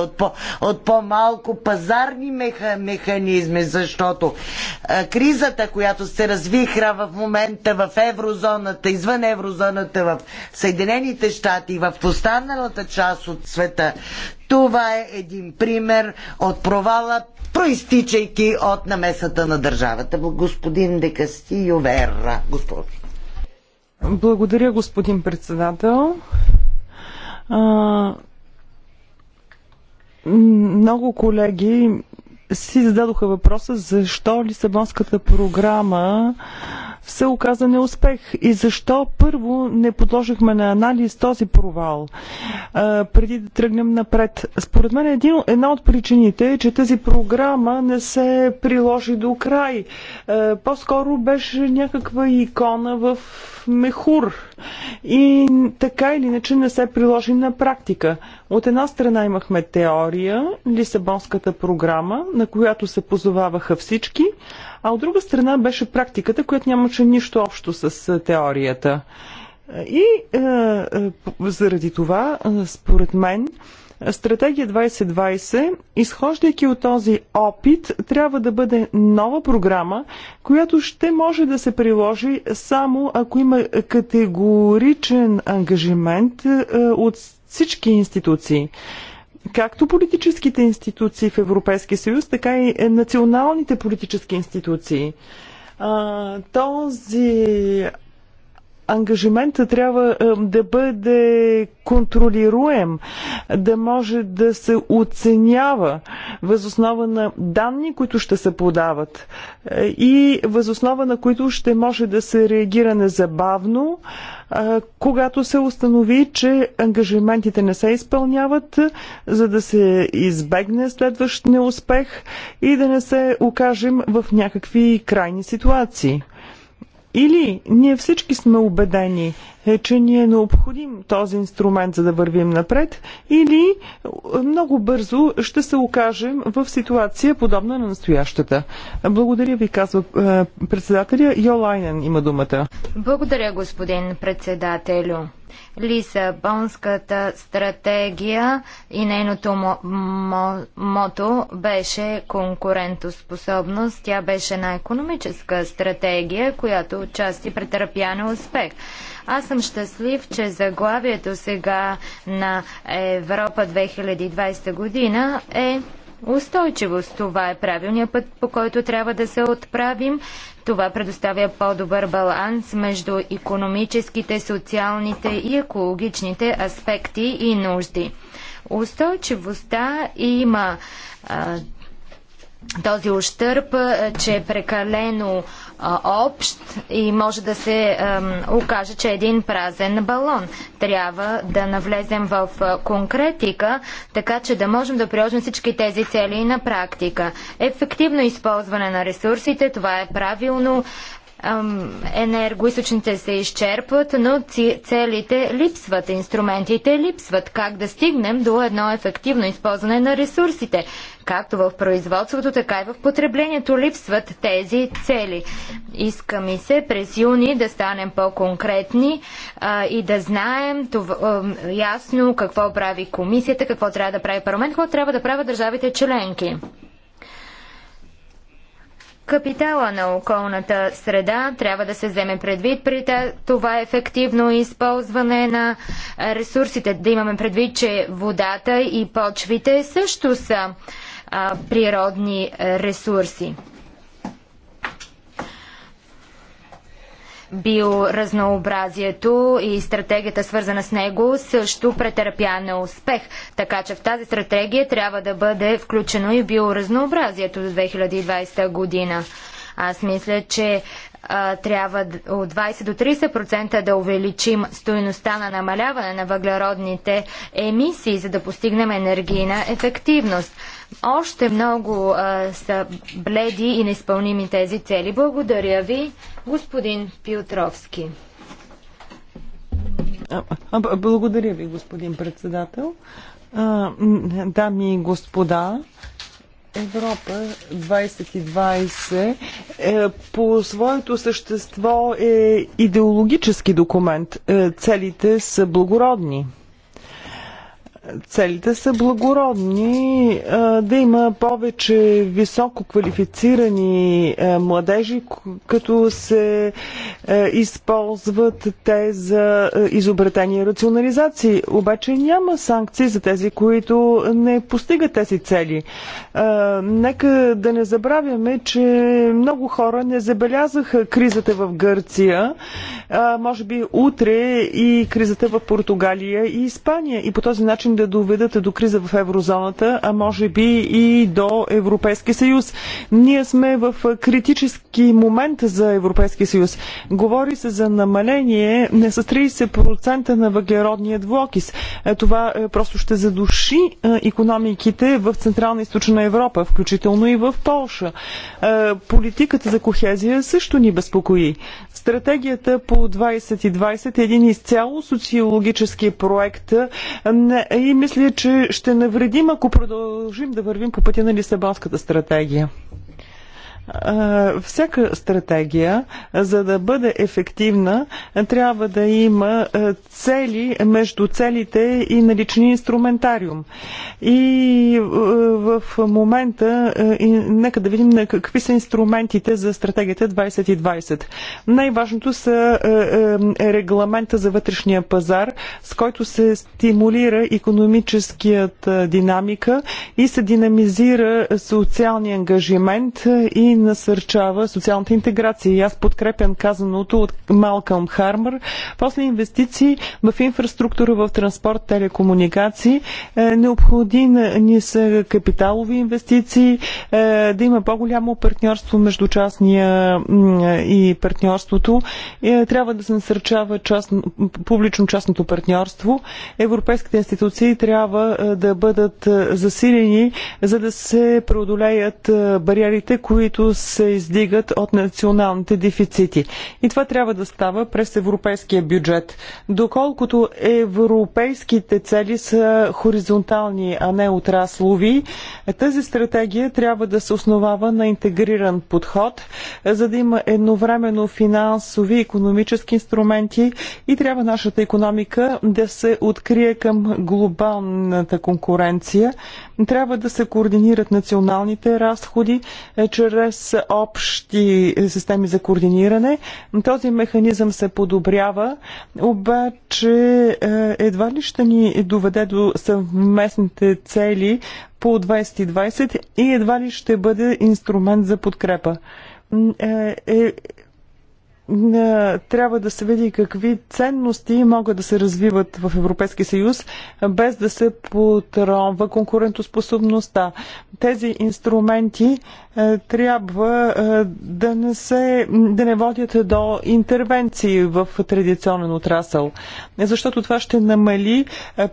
от, по-малко по пазарни меха, механизми, защото а, кризата, която се развихра в момента в еврозоната, извън еврозоната, в Съединените щати и в останалата част от света, това е един пример от провала, проистичайки от намесата на държавата. Господин Декасти Ювера, господин. Благодаря, господин председател. А, много колеги си зададоха въпроса защо Лисабонската програма се оказа неуспех и защо първо не подложихме на анализ този провал а, преди да тръгнем напред. Според мен един, една от причините е, че тази програма не се приложи до край. по-скоро беше някаква икона в мехур и така или иначе не се приложи на практика. От една страна имахме теория, Лисабонската програма, на която се позоваваха всички, а от друга страна беше практиката, която нямаше нищо общо с теорията. И е, е, заради това, е, според мен, е, Стратегия 2020, изхождайки от този опит, трябва да бъде нова програма, която ще може да се приложи само ако има категоричен ангажимент е, от всички институции както политическите институции в Европейския съюз, така и националните политически институции. Този ангажимента трябва е, да бъде контролируем, да може да се оценява възоснова на данни, които ще се подават е, и възоснова на които ще може да се реагира незабавно, е, когато се установи, че ангажиментите не се изпълняват, за да се избегне следващ неуспех и да не се окажем в някакви крайни ситуации. Или ние всички сме убедени, е, че ни е необходим този инструмент, за да вървим напред, или е, много бързо ще се окажем в ситуация подобна на настоящата. Благодаря ви, казва е, председателя. Йолайнен има думата. Благодаря, господин председателю. Лисабонската стратегия и нейното мо- мо- мото беше конкурентоспособност. Тя беше на економическа стратегия, която отчасти претърпя на успех. Аз съм щастлив, че заглавието сега на Европа 2020 година е устойчивост. Това е правилният път, по който трябва да се отправим. Това предоставя по-добър баланс между економическите, социалните и екологичните аспекти и нужди. Устойчивостта има а, този ущърп, че е прекалено общ и може да се окаже, че е един празен балон. Трябва да навлезем в конкретика, така че да можем да приложим всички тези цели на практика. Ефективно използване на ресурсите, това е правилно енергоисточните се изчерпват, но целите липсват, инструментите липсват. Как да стигнем до едно ефективно използване на ресурсите? Както в производството, така и в потреблението липсват тези цели. Иска ми се през юни да станем по-конкретни и да знаем това, а, ясно какво прави комисията, какво трябва да прави парламент, какво трябва да правят държавите членки. Капитала на околната среда трябва да се вземе предвид при това ефективно използване на ресурсите. Да имаме предвид, че водата и почвите също са природни ресурси. биоразнообразието и стратегията свързана с него също претърпя на успех. Така че в тази стратегия трябва да бъде включено и биоразнообразието до 2020 година. Аз мисля, че а, трябва от 20 до 30% да увеличим стоеността на намаляване на въглеродните емисии, за да постигнем енергийна ефективност. Още много а, са бледи и неизпълними тези цели. Благодаря ви, господин Пилтровски. Благодаря ви, господин председател. Дами и господа, Европа 2020 е, по своето същество е идеологически документ. Е, целите са благородни. Целите са благородни да има повече високо квалифицирани младежи, като се използват те за изобретение и рационализации. Обаче няма санкции за тези, които не постигат тези цели. Нека да не забравяме, че много хора не забелязаха кризата в Гърция, може би утре и кризата в Португалия и Испания. И по този начин да доведат до криза в еврозоната, а може би и до Европейски съюз. Ние сме в критически момент за Европейски съюз. Говори се за намаление не с 30% на въглеродния двуокис. Е, това е, просто ще задуши економиките в Централна и Източна Европа, включително и в Полша. Е, политиката за кохезия също ни безпокои. Стратегията по 2020 е един изцяло социологически проект и мисля, че ще навредим, ако продължим да вървим по пътя на Лисабонската стратегия всяка стратегия, за да бъде ефективна, трябва да има цели между целите и налични инструментариум. И в момента, нека да видим какви са инструментите за стратегията 2020. Най-важното са регламента за вътрешния пазар, с който се стимулира економическият динамика и се динамизира социалния ангажимент и насърчава социалната интеграция. И аз подкрепям казаното от Малкъм Хармър. После инвестиции в инфраструктура, в транспорт, телекомуникации. Е, Необходими ни са капиталови инвестиции, е, да има по-голямо партньорство между частния и партньорството. Е, трябва да се насърчава частно, публично-частното партньорство. Европейските институции трябва да бъдат засилени, за да се преодолеят бариерите, които се издигат от националните дефицити. И това трябва да става през европейския бюджет. Доколкото европейските цели са хоризонтални, а не отраслови, тази стратегия трябва да се основава на интегриран подход, за да има едновременно финансови и економически инструменти и трябва нашата економика да се открие към глобалната конкуренция, трябва да се координират националните разходи е, чрез общи е, системи за координиране. Този механизъм се подобрява, обаче е, едва ли ще ни доведе до съвместните цели по 2020 и едва ли ще бъде инструмент за подкрепа. Е, трябва да се види какви ценности могат да се развиват в Европейския съюз, без да се потронва конкурентоспособността. Тези инструменти е, трябва е, да не, се, да не водят до интервенции в традиционен отрасъл, защото това ще намали е,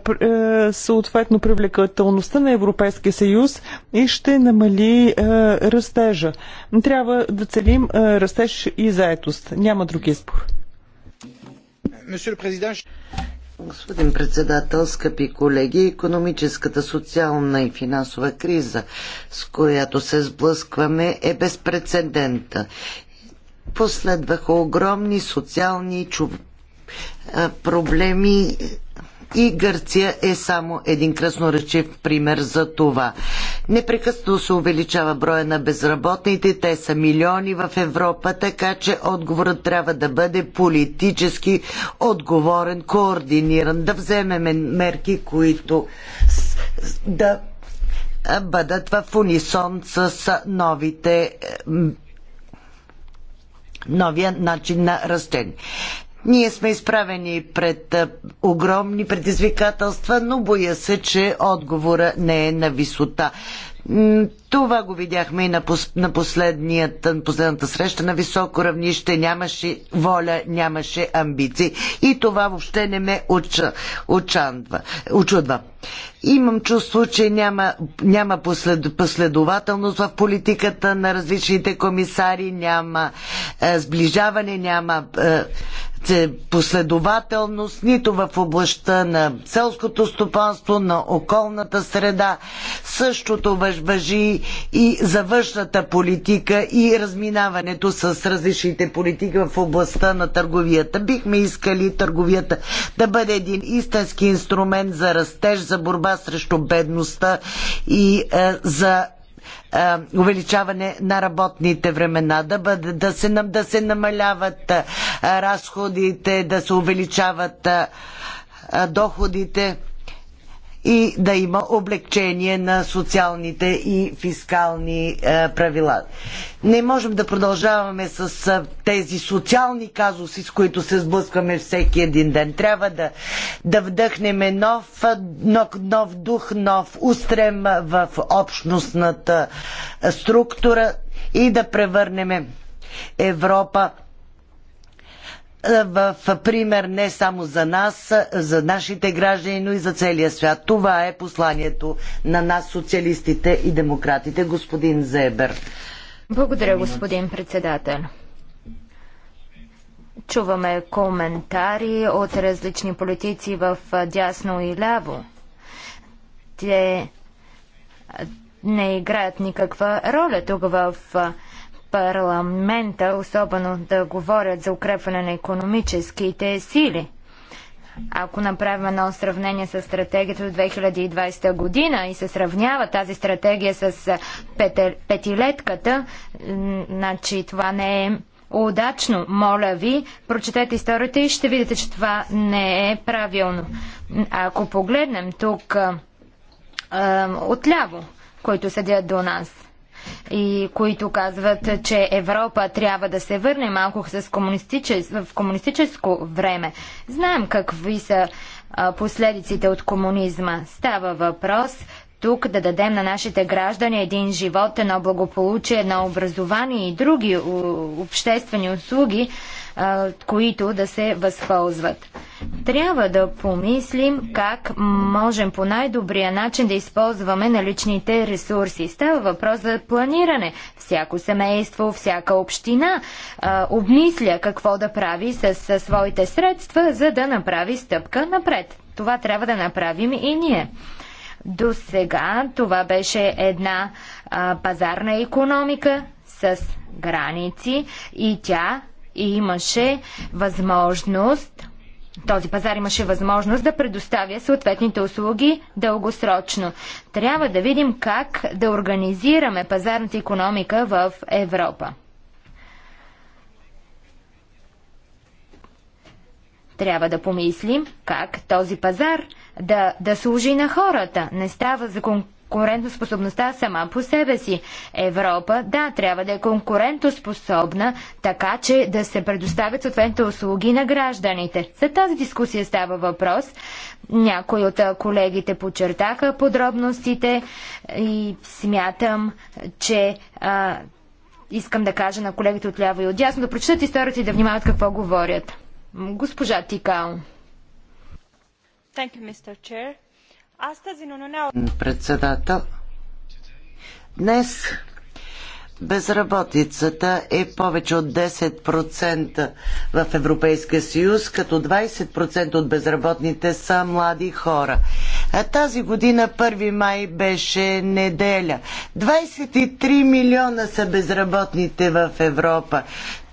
съответно привлекателността на Европейския съюз и ще намали растежа. Трябва да целим растеж и заетост. Няма друг избор. Господин председател, скъпи колеги, економическата, социална и финансова криза, с която се сблъскваме, е безпредседента. Последваха огромни социални чу... проблеми и Гърция е само един красноречив пример за това. Непрекъснато се увеличава броя на безработните, те са милиони в Европа, така че отговорът трябва да бъде политически отговорен, координиран, да вземем мерки, които да бъдат в унисон с новите новия начин на растение. Ние сме изправени пред огромни предизвикателства, но боя се, че отговора не е на висота. Това го видяхме и на, последната среща на високо равнище. Нямаше воля, нямаше амбиции. И това въобще не ме очудва. Имам чувство, че няма, няма послед, последователност в политиката на различните комисари, няма е, сближаване, няма е, последователност нито в областта на селското стопанство, на околната среда. Същото въжи и за външната политика и разминаването с различните политики в областта на търговията. Бихме искали търговията да бъде един истински инструмент за растеж, за борба срещу бедността и е, за е, увеличаване на работните времена, да, бъде, да, се, да се намаляват е, разходите, да се увеличават е, доходите и да има облегчение на социалните и фискални е, правила. Не можем да продължаваме с е, тези социални казуси, с които се сблъскваме всеки един ден. Трябва да, да вдъхнем нов, е, нов, нов дух, нов устрем в общностната структура и да превърнем Европа в пример не само за нас, за нашите граждани, но и за целия свят. Това е посланието на нас, социалистите и демократите, господин Зебер. Благодаря, господин председател. Чуваме коментари от различни политици в дясно и ляво. Те не играят никаква роля тук в парламента, особено да говорят за укрепване на економическите сили. Ако направим едно сравнение с стратегията от 2020 година и се сравнява тази стратегия с петилетката, значи това не е удачно, моля ви, прочетете историята и ще видите, че това не е правилно. Ако погледнем тук отляво, които седят до нас, и които казват, че Европа трябва да се върне малко с комунистичес... в комунистическо време. Знаем какви са последиците от комунизма. Става въпрос тук да дадем на нашите граждани един живот, едно благополучие, едно образование и други обществени услуги, които да се възползват. Трябва да помислим как можем по най-добрия начин да използваме наличните ресурси. Става въпрос за планиране. Всяко семейство, всяка община а, обмисля какво да прави с, с своите средства, за да направи стъпка напред. Това трябва да направим и ние. До сега това беше една а, пазарна економика с граници и тя имаше възможност този пазар имаше възможност да предоставя съответните услуги дългосрочно. Трябва да видим как да организираме пазарната економика в Европа. Трябва да помислим как този пазар да, да служи на хората. Не става за конкурентоспособността сама по себе си. Европа, да, трябва да е конкурентоспособна, така че да се предоставят съответните услуги на гражданите. За тази дискусия става въпрос. Някои от колегите подчертаха подробностите и смятам, че а, искам да кажа на колегите от ляво и от дясно да прочитат историята и да внимават какво говорят. Госпожа Тикао. Председател, днес безработицата е повече от 10% в Европейския съюз, като 20% от безработните са млади хора. Тази година 1 май беше неделя. 23 милиона са безработните в Европа.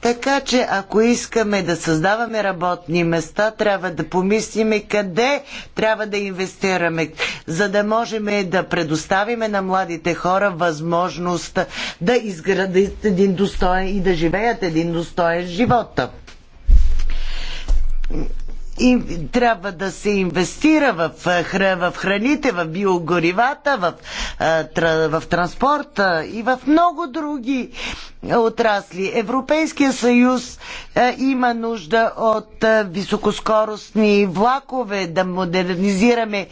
Така че, ако искаме да създаваме работни места, трябва да помислиме къде трябва да инвестираме, за да можем да предоставиме на младите хора възможност да изградят един достоен и да живеят един достоен живот и трябва да се инвестира в, е, в храните, в биогоривата, в, е, в транспорта и в много други отрасли. Европейския съюз е, има нужда от високоскоростни влакове, да модернизираме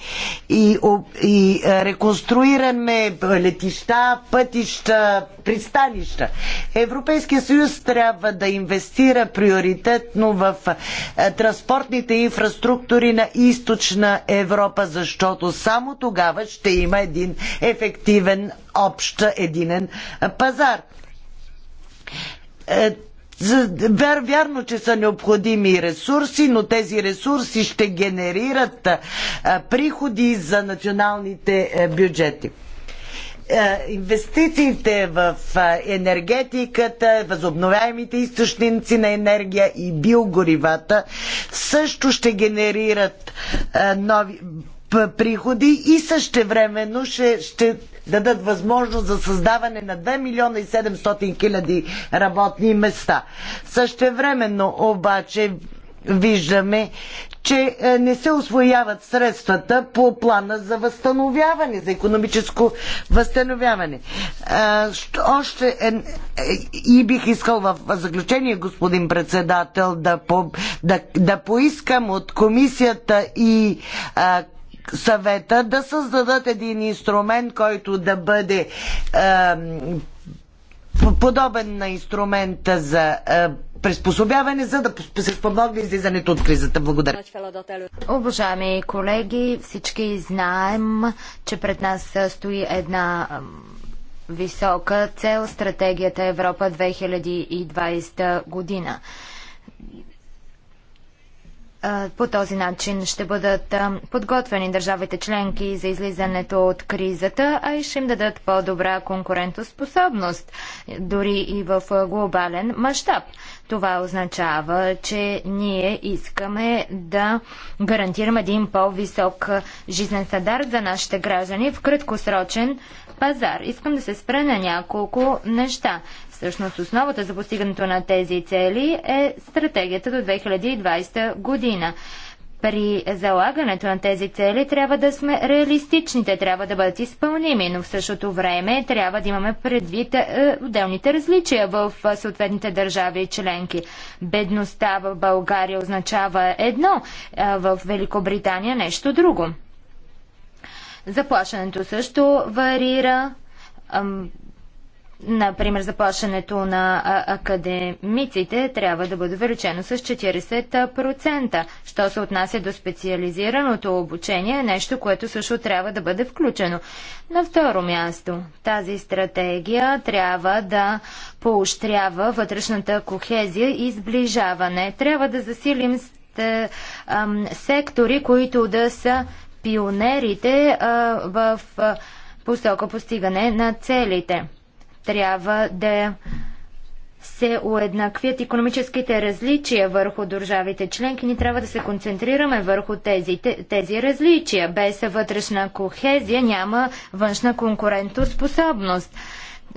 и, и реконструираме летища, пътища, пристанища. Европейския съюз трябва да инвестира приоритетно в транспортните енергийните инфраструктури на източна Европа, защото само тогава ще има един ефективен общ единен пазар. Е, вярно, че са необходими ресурси, но тези ресурси ще генерират приходи за националните е, бюджети. Е, инвестициите в е, енергетиката, възобновяемите източници на енергия и биогоривата също ще генерират е, нови приходи и същевременно ще, ще дадат възможност за създаване на 2 милиона и 700 хиляди работни места. Същевременно обаче виждаме, че е, не се освояват средствата по плана за възстановяване, за економическо възстановяване. Е, още е, е, и бих искал в заключение, господин председател, да, по, да, да поискам от комисията и а, съвета да създадат един инструмент, който да бъде а, подобен на инструмента за а, приспособяване, за да се спомогне излизането от кризата. Благодаря. Уважаеми колеги, всички знаем, че пред нас стои една висока цел стратегията Европа 2020 година. По този начин ще бъдат подготвени държавите членки за излизането от кризата, а и ще им дадат по-добра конкурентоспособност, дори и в глобален мащаб. Това означава, че ние искаме да гарантираме един по-висок жизнен стандарт за нашите граждани в краткосрочен пазар. Искам да се спра на няколко неща. Всъщност основата за постигането на тези цели е стратегията до 2020 година при залагането на тези цели трябва да сме реалистични, те трябва да бъдат изпълними, но в същото време трябва да имаме предвид е, отделните различия в е, съответните държави и членки. Бедността в България означава едно, е, в Великобритания нещо друго. Заплащането също варира Например, заплащането на академиците трябва да бъде увеличено с 40%. Що се отнася до специализираното обучение, е нещо, което също трябва да бъде включено. На второ място, тази стратегия трябва да поощрява вътрешната кохезия и сближаване. Трябва да засилим е, сектори, които да са пионерите в посока постигане на целите трябва да се уеднаквят економическите различия върху държавите членки, Ни трябва да се концентрираме върху тези, тези различия. Без вътрешна кохезия няма външна конкурентоспособност. способност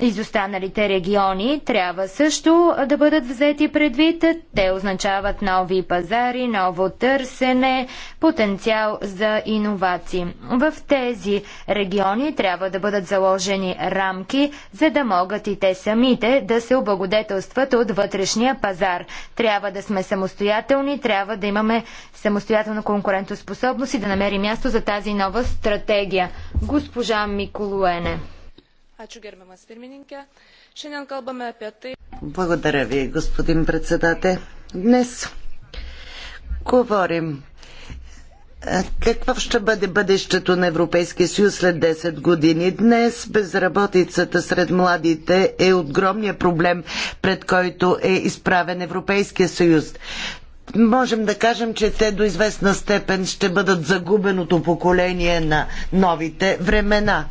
изостаналите региони трябва също да бъдат взети предвид. Те означават нови пазари, ново търсене, потенциал за иновации. В тези региони трябва да бъдат заложени рамки, за да могат и те самите да се облагодетелстват от вътрешния пазар. Трябва да сме самостоятелни, трябва да имаме самостоятелна конкурентоспособност и да намери място за тази нова стратегия. Госпожа Миколуене. Ačiū gerbiamas pirmininkė. Šiandien kalbame apie tai. Благодаря ви, господин председател. Днес говорим какво ще бъде бъдещето на Европейския съюз след 10 години? Днес безработицата сред младите е огромният проблем, пред който е изправен Европейския съюз. Можем да кажем, че те до известна степен ще бъдат загубеното поколение на новите времена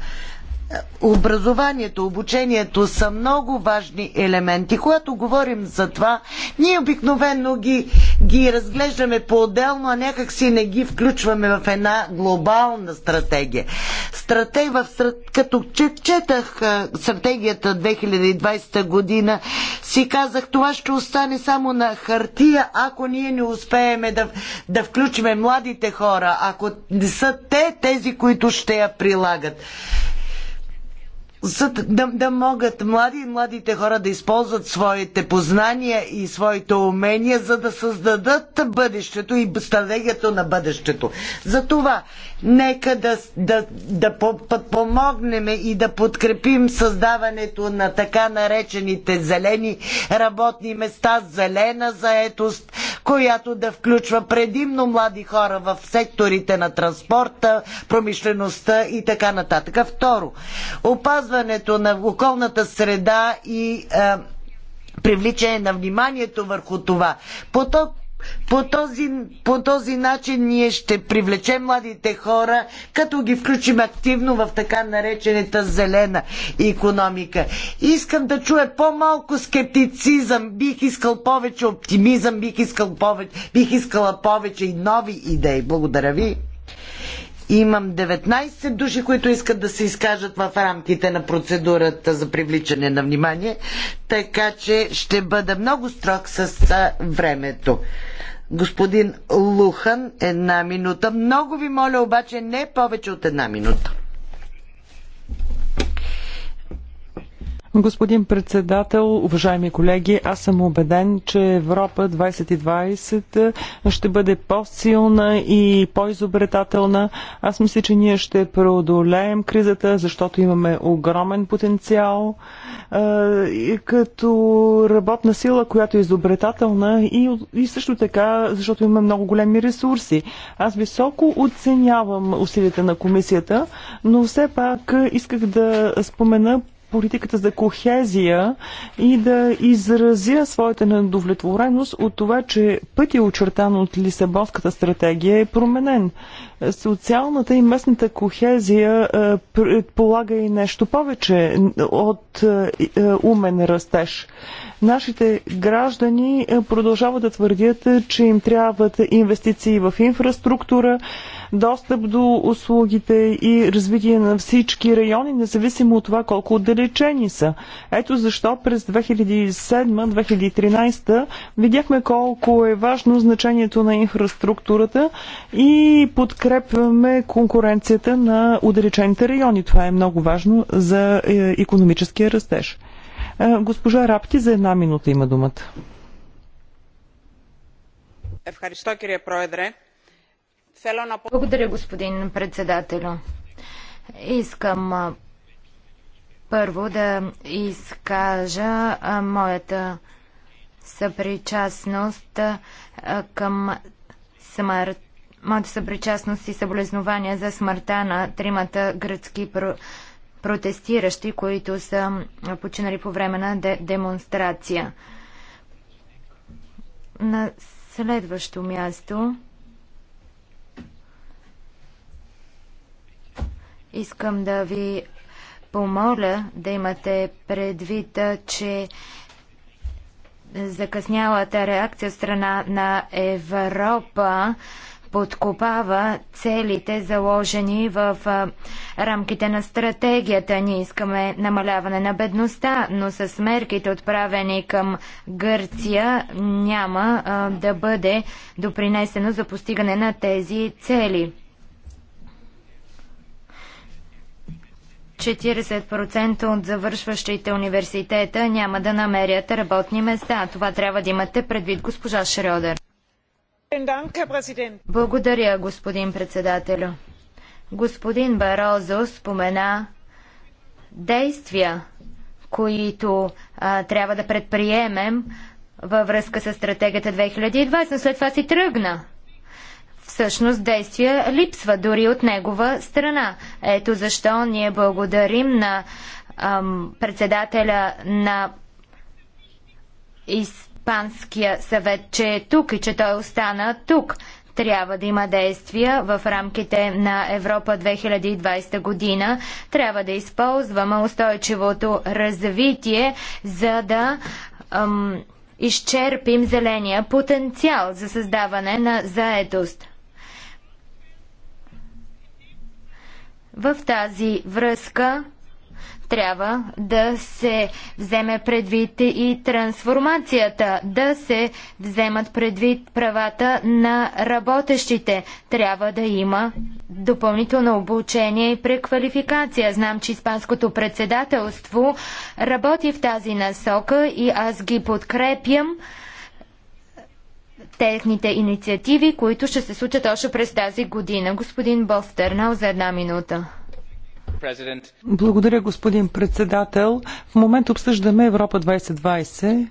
образованието, обучението са много важни елементи. Когато говорим за това, ние обикновено ги, ги разглеждаме по-отделно, а някак си не ги включваме в една глобална стратегия. Стратег, в, като четах стратегията 2020 година, си казах, това ще остане само на хартия, ако ние не успеем да, да включим младите хора, ако не са те тези, които ще я прилагат за да, да могат млади и младите хора да използват своите познания и своите умения, за да създадат бъдещето и стратегията на бъдещето. Затова нека да, да, да подпомогнем и да подкрепим създаването на така наречените зелени работни места, зелена заетост, която да включва предимно млади хора в секторите на транспорта, промишлеността и така нататък. Второ, опазването на околната среда и е, привличане на вниманието върху това. По, по този, по този начин ние ще привлечем младите хора, като ги включим активно в така наречената зелена економика. Искам да чуя по-малко скептицизъм, бих искал повече оптимизъм, бих, искал повече, бих искала повече и нови идеи. Благодаря ви. Имам 19 души, които искат да се изкажат в рамките на процедурата за привличане на внимание, така че ще бъда много строг с времето. Господин Лухан, една минута. Много ви моля обаче не повече от една минута. Господин председател, уважаеми колеги, аз съм убеден, че Европа 2020 ще бъде по-силна и по-изобретателна. Аз мисля, че ние ще преодолеем кризата, защото имаме огромен потенциал като работна сила, която е изобретателна и, и също така, защото имаме много големи ресурси. Аз високо оценявам усилията на комисията, но все пак исках да спомена политиката за кохезия и да изразя своята недовлетвореност от това, че пътя очертан от Лисабонската стратегия е променен. Социалната и местната кохезия е, предполага и нещо повече от е, е, умен растеж. Нашите граждани продължават да твърдят, че им трябват инвестиции в инфраструктура, достъп до услугите и развитие на всички райони, независимо от това колко отдалечени са. Ето защо през 2007-2013 видяхме колко е важно значението на инфраструктурата и подкрепваме конкуренцията на отдалечените райони. Това е много важно за економическия растеж. Е, госпожа Рапти за една минута има думата. Ευχαριστώ кирия проедре. Благодаря, господин председател. Искам първо да изкажа моята съпричастност към смърт моята съпричастност и съболезнования за смъртта на тримата гръцки протестиращи, които са починали по време на демонстрация. На следващо място Искам да ви помоля да имате предвид, че закъснялата реакция страна на Европа подкопава целите заложени в рамките на стратегията. Ние искаме намаляване на бедността, но с мерките отправени към Гърция няма да бъде допринесено за постигане на тези цели. 40% от завършващите университета няма да намерят работни места. Това трябва да имате предвид, госпожа Шредер. Благодаря, господин председателю. Господин Барозо спомена действия, които а, трябва да предприемем във връзка с стратегията 2020, но след това си тръгна всъщност действия липсва дори от негова страна. Ето защо ние благодарим на ам, председателя на Испанския съвет, че е тук и че той остана тук. Трябва да има действия в рамките на Европа 2020 година. Трябва да използваме устойчивото развитие, за да ам, изчерпим зеления потенциал за създаване на заедост. В тази връзка трябва да се вземе предвид и трансформацията, да се вземат предвид правата на работещите. Трябва да има допълнително обучение и преквалификация. Знам, че Испанското председателство работи в тази насока и аз ги подкрепям техните инициативи, които ще се случат още през тази година. Господин Бостърнал за една минута. Благодаря, господин председател. В момента обсъждаме Европа 2020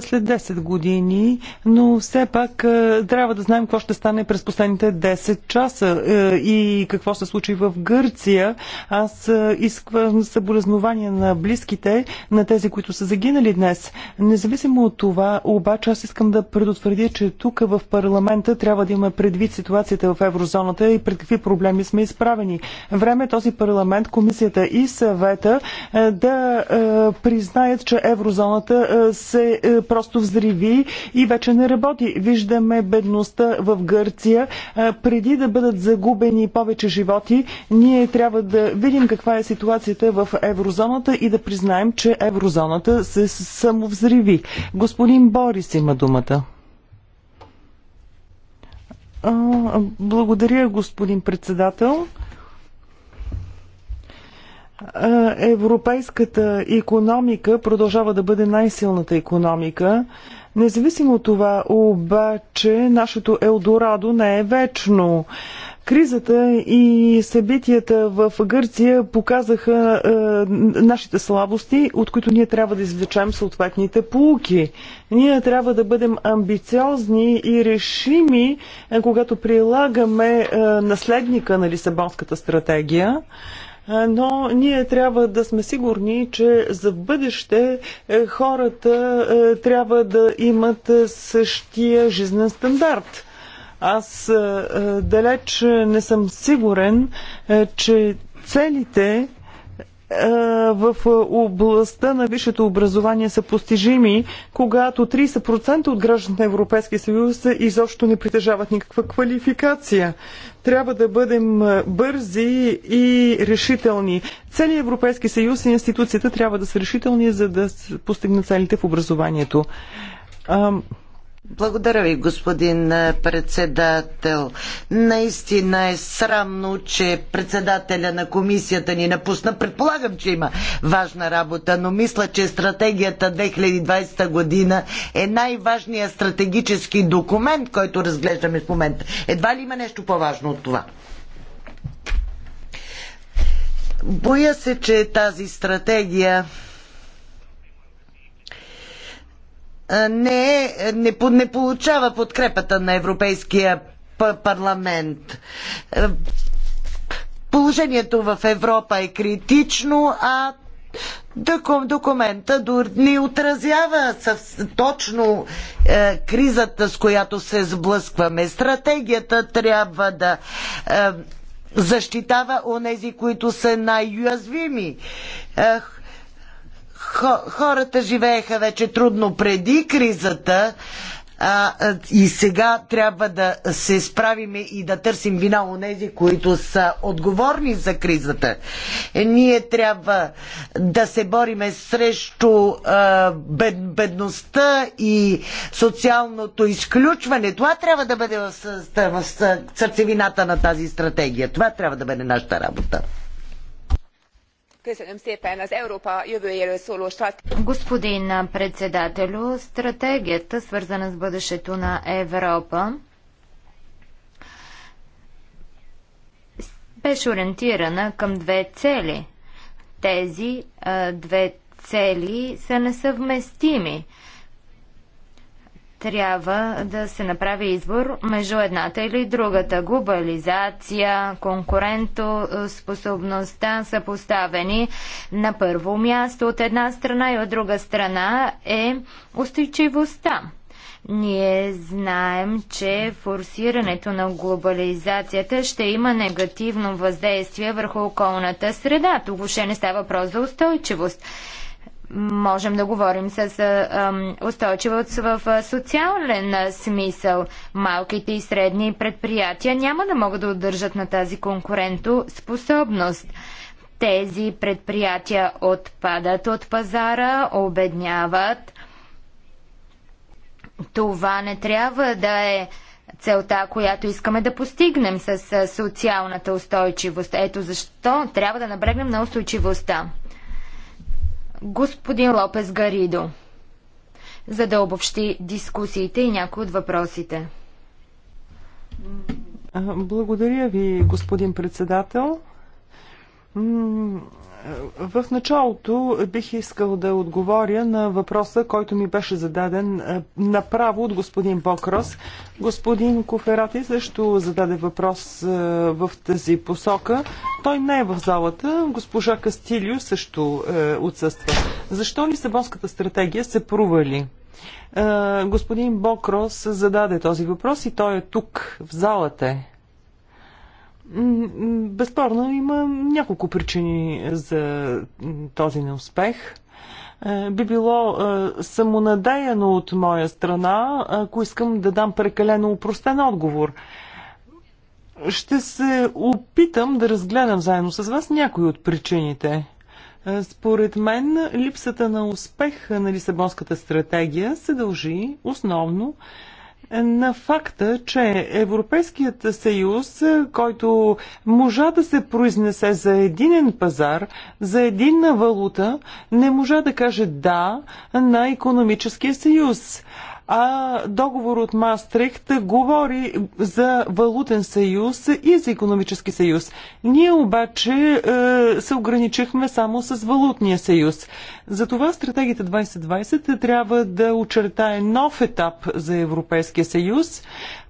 след 10 години, но все пак трябва да знаем какво ще стане през последните 10 часа и какво се случи в Гърция. Аз искам съболезнования на близките, на тези, които са загинали днес. Независимо от това, обаче аз искам да предотвърдя, че тук в парламента трябва да има предвид ситуацията в еврозоната и пред какви проблеми сме изправени. Време този парламент парламент, комисията и съвета е, да е, признаят, че еврозоната е, се просто взриви и вече не работи. Виждаме бедността в Гърция. Преди да бъдат загубени повече животи, ние трябва да видим каква е ситуацията в еврозоната и да признаем, че еврозоната се самовзриви. Господин Борис има думата. Благодаря, господин председател. Европейската економика продължава да бъде най-силната економика. Независимо от това, обаче, нашето Елдорадо не е вечно. Кризата и събитията в Гърция показаха е, нашите слабости, от които ние трябва да извлечем съответните полуки. Ние трябва да бъдем амбициозни и решими, е, когато прилагаме е, наследника на Лисабонската стратегия но ние трябва да сме сигурни, че за бъдеще е, хората е, трябва да имат е, същия жизнен стандарт. Аз далеч не съм сигурен, че целите е, в е, областта на висшето образование са постижими, когато 30% от гражданите на Европейския съюз изобщо не притежават никаква квалификация. Трябва да бъдем е, бързи и решителни. Целият Европейски съюз и институцията трябва да са решителни, за да постигнат целите в образованието. Благодаря ви, господин е, председател. Наистина е срамно, че председателя на комисията ни напусна. Предполагам, че има важна работа, но мисля, че стратегията 2020 година е най-важният стратегически документ, който разглеждаме в момента. Едва ли има нещо по-важно от това? Боя се, че тази стратегия не, е, не, не получава подкрепата на Европейския парламент. Положението в Европа е критично, а документа не отразява точно е, кризата, с която се сблъскваме. Стратегията трябва да е, защитава онези, които са най-уязвими. Е, хората живееха вече трудно преди кризата а, и сега трябва да се справиме и да търсим вина у нези, които са отговорни за кризата. Е, ние трябва да се бориме срещу а, бед, бедността и социалното изключване. Това трябва да бъде в, в, в сърцевината на тази стратегия. Това трябва да бъде нашата работа. Господин председателю, стратегията, свързана с бъдещето на Европа, беше ориентирана към две цели. Тези две цели са несъвместими трябва да се направи избор между едната или другата. Глобализация, конкурентоспособността са поставени на първо място от една страна и от друга страна е устойчивостта. Ние знаем, че форсирането на глобализацията ще има негативно въздействие върху околната среда. Тук въобще не става въпрос за устойчивост можем да говорим с устойчивост в социален смисъл. Малките и средни предприятия няма да могат да удържат на тази конкурентоспособност. Тези предприятия отпадат от пазара, обедняват. Това не трябва да е целта, която искаме да постигнем с социалната устойчивост. Ето защо трябва да набрегнем на устойчивостта. Господин Лопес Гаридо, за да обобщи дискусиите и някои от въпросите. Благодаря ви, господин председател. В началото бих искал да отговоря на въпроса, който ми беше зададен е, направо от господин Бокрос. Господин Коферати също зададе въпрос е, в тази посока. Той не е в залата. Госпожа Кастилио също е, отсъства. Защо Лисабонската стратегия се провали? Господин Бокрос зададе този въпрос и той е тук, в залата. Безспорно има няколко причини за този неуспех. Е, би било е, самонадеяно от моя страна, ако искам да дам прекалено упростен отговор. Ще се опитам да разгледам заедно с вас някои от причините. Е, според мен липсата на успех на Лисабонската стратегия се дължи основно на факта, че Европейският съюз, който можа да се произнесе за единен пазар, за единна валута, не можа да каже да на економическия съюз а договор от Мастрихт говори за валутен съюз и за економически съюз. Ние обаче е, се ограничихме само с валутния съюз. Затова стратегията 2020 трябва да очертае нов етап за Европейския съюз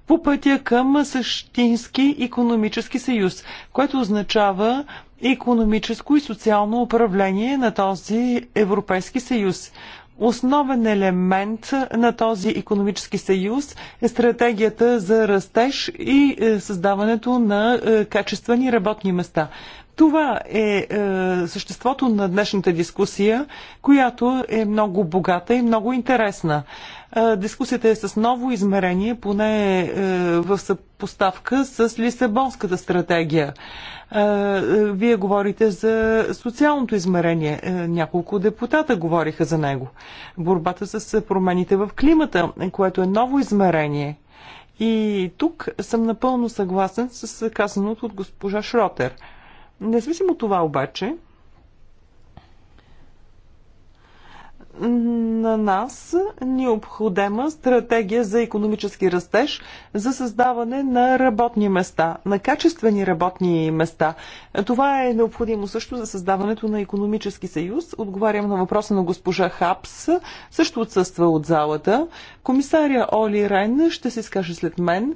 по пътя към същински економически съюз, което означава економическо и социално управление на този Европейски съюз. Основен елемент на този економически съюз е стратегията за растеж и е, създаването на е, качествени работни места. Това е, е съществото на днешната дискусия, която е много богата и много интересна. Дискусията е с ново измерение, поне е, в съпоставка с Лисабонската стратегия. Е, вие говорите за социалното измерение. Е, няколко депутата говориха за него. Борбата с промените в климата, което е ново измерение. И тук съм напълно съгласен с казаното от госпожа Шротер. Независимо от това обаче, на нас необходима стратегия за економически растеж, за създаване на работни места, на качествени работни места. Това е необходимо също за създаването на економически съюз. Отговарям на въпроса на госпожа Хапс, също отсъства от залата. Комисаря Оли Рен ще се изкаже след мен.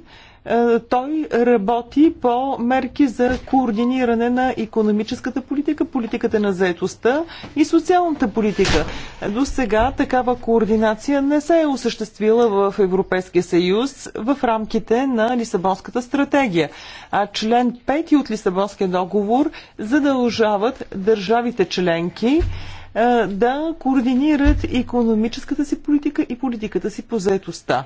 Е, той работи по мерки за координиране на економическата политика, политиката на заетостта и социалната политика. До сега такава координация не се е осъществила в Европейския съюз в рамките на Лисабонската стратегия. А член 5 от Лисабонския договор задължават държавите членки е, да координират економическата си политика и политиката си по заетостта.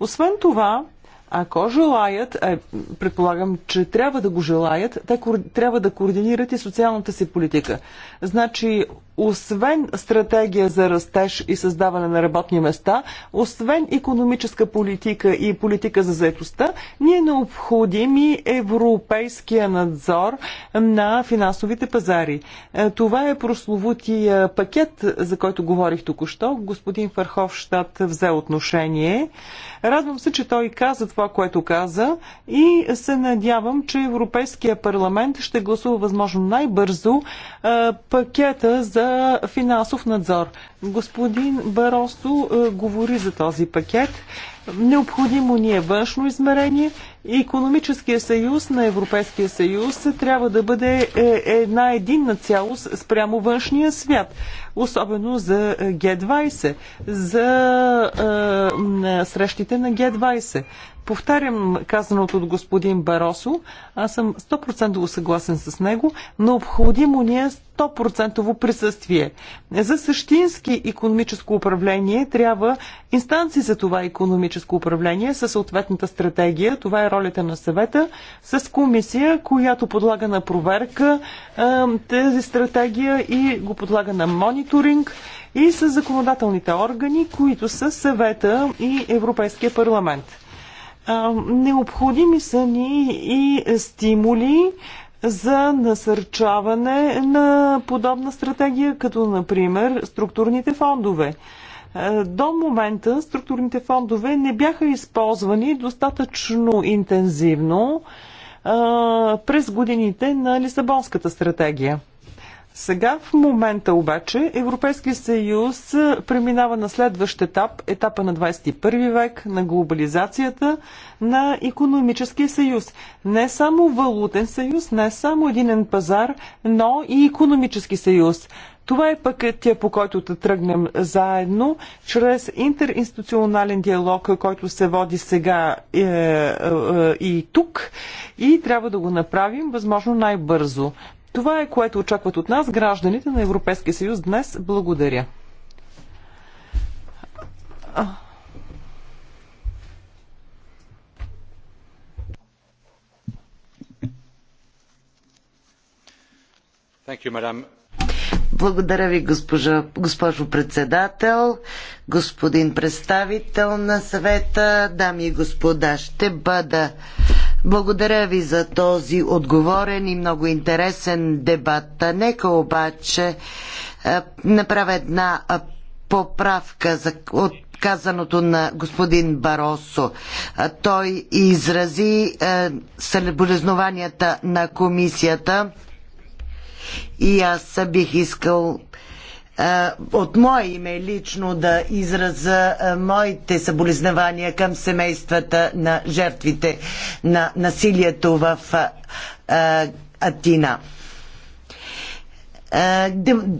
Освен това, ако желаят, а е, предполагам, че трябва да го желаят, те трябва да координират и социалната си политика. Значи, освен стратегия за растеж и създаване на работни места, освен економическа политика и политика за заетостта, ни е необходим и европейския надзор на финансовите пазари. Е, това е прословутия пакет, за който говорих току-що. Господин Фарховщад взе отношение. Радвам се, че той каза това, което каза и се надявам, че Европейския парламент ще гласува възможно най-бързо е, пакета за финансов надзор. Господин Баросто е, говори за този пакет. Необходимо ни е външно измерение. Економическия съюз на Европейския съюз трябва да бъде е, една единна цялост спрямо външния свят, особено за Г20, за е, срещите на Г20. Повтарям казаното от господин Баросо. Аз съм 100% съгласен с него. Необходимо ни е 100% присъствие. За същински економическо управление трябва инстанции за това економическо управление със съответната стратегия. Това е ролята на съвета с комисия, която подлага на проверка тази стратегия и го подлага на мониторинг и с законодателните органи, които са съвета и Европейския парламент. Необходими са ни и стимули за насърчаване на подобна стратегия, като например структурните фондове. До момента структурните фондове не бяха използвани достатъчно интензивно през годините на Лисабонската стратегия. Сега в момента обаче Европейския съюз преминава на следващ етап, етапа на 21 век, на глобализацията, на економическия съюз. Не само валутен съюз, не само единен пазар, но и економически съюз. Това е пътя, по който да тръгнем заедно, чрез интеринституционален диалог, който се води сега е, е, е и тук. И трябва да го направим възможно най-бързо. Това е което очакват от нас гражданите на Европейския съюз днес. Благодаря. Благодаря ви, госпожа, госпожо председател, господин представител на съвета, дами и господа. Ще бъда благодаря ви за този отговорен и много интересен дебат. Нека обаче е, направя една е, поправка за, от казаното на господин Баросо. Е, той изрази съболезнованията на комисията и аз бих искал от мое име лично да израза моите съболезнования към семействата на жертвите на насилието в Атина. Е,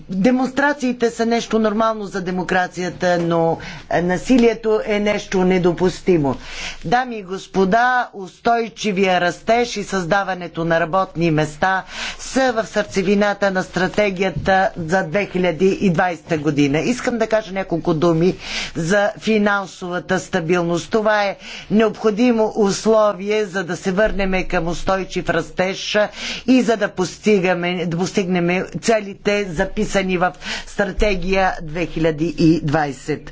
демонстрациите са нещо нормално за демокрацията, но е, насилието е нещо недопустимо. Дами и господа, устойчивия растеж и създаването на работни места са в сърцевината на стратегията за 2020 година. Искам да кажа няколко думи за финансовата стабилност. Това е необходимо условие за да се върнем към устойчив растеж и за да, постигаме, да постигнем целите целите записани в стратегия 2020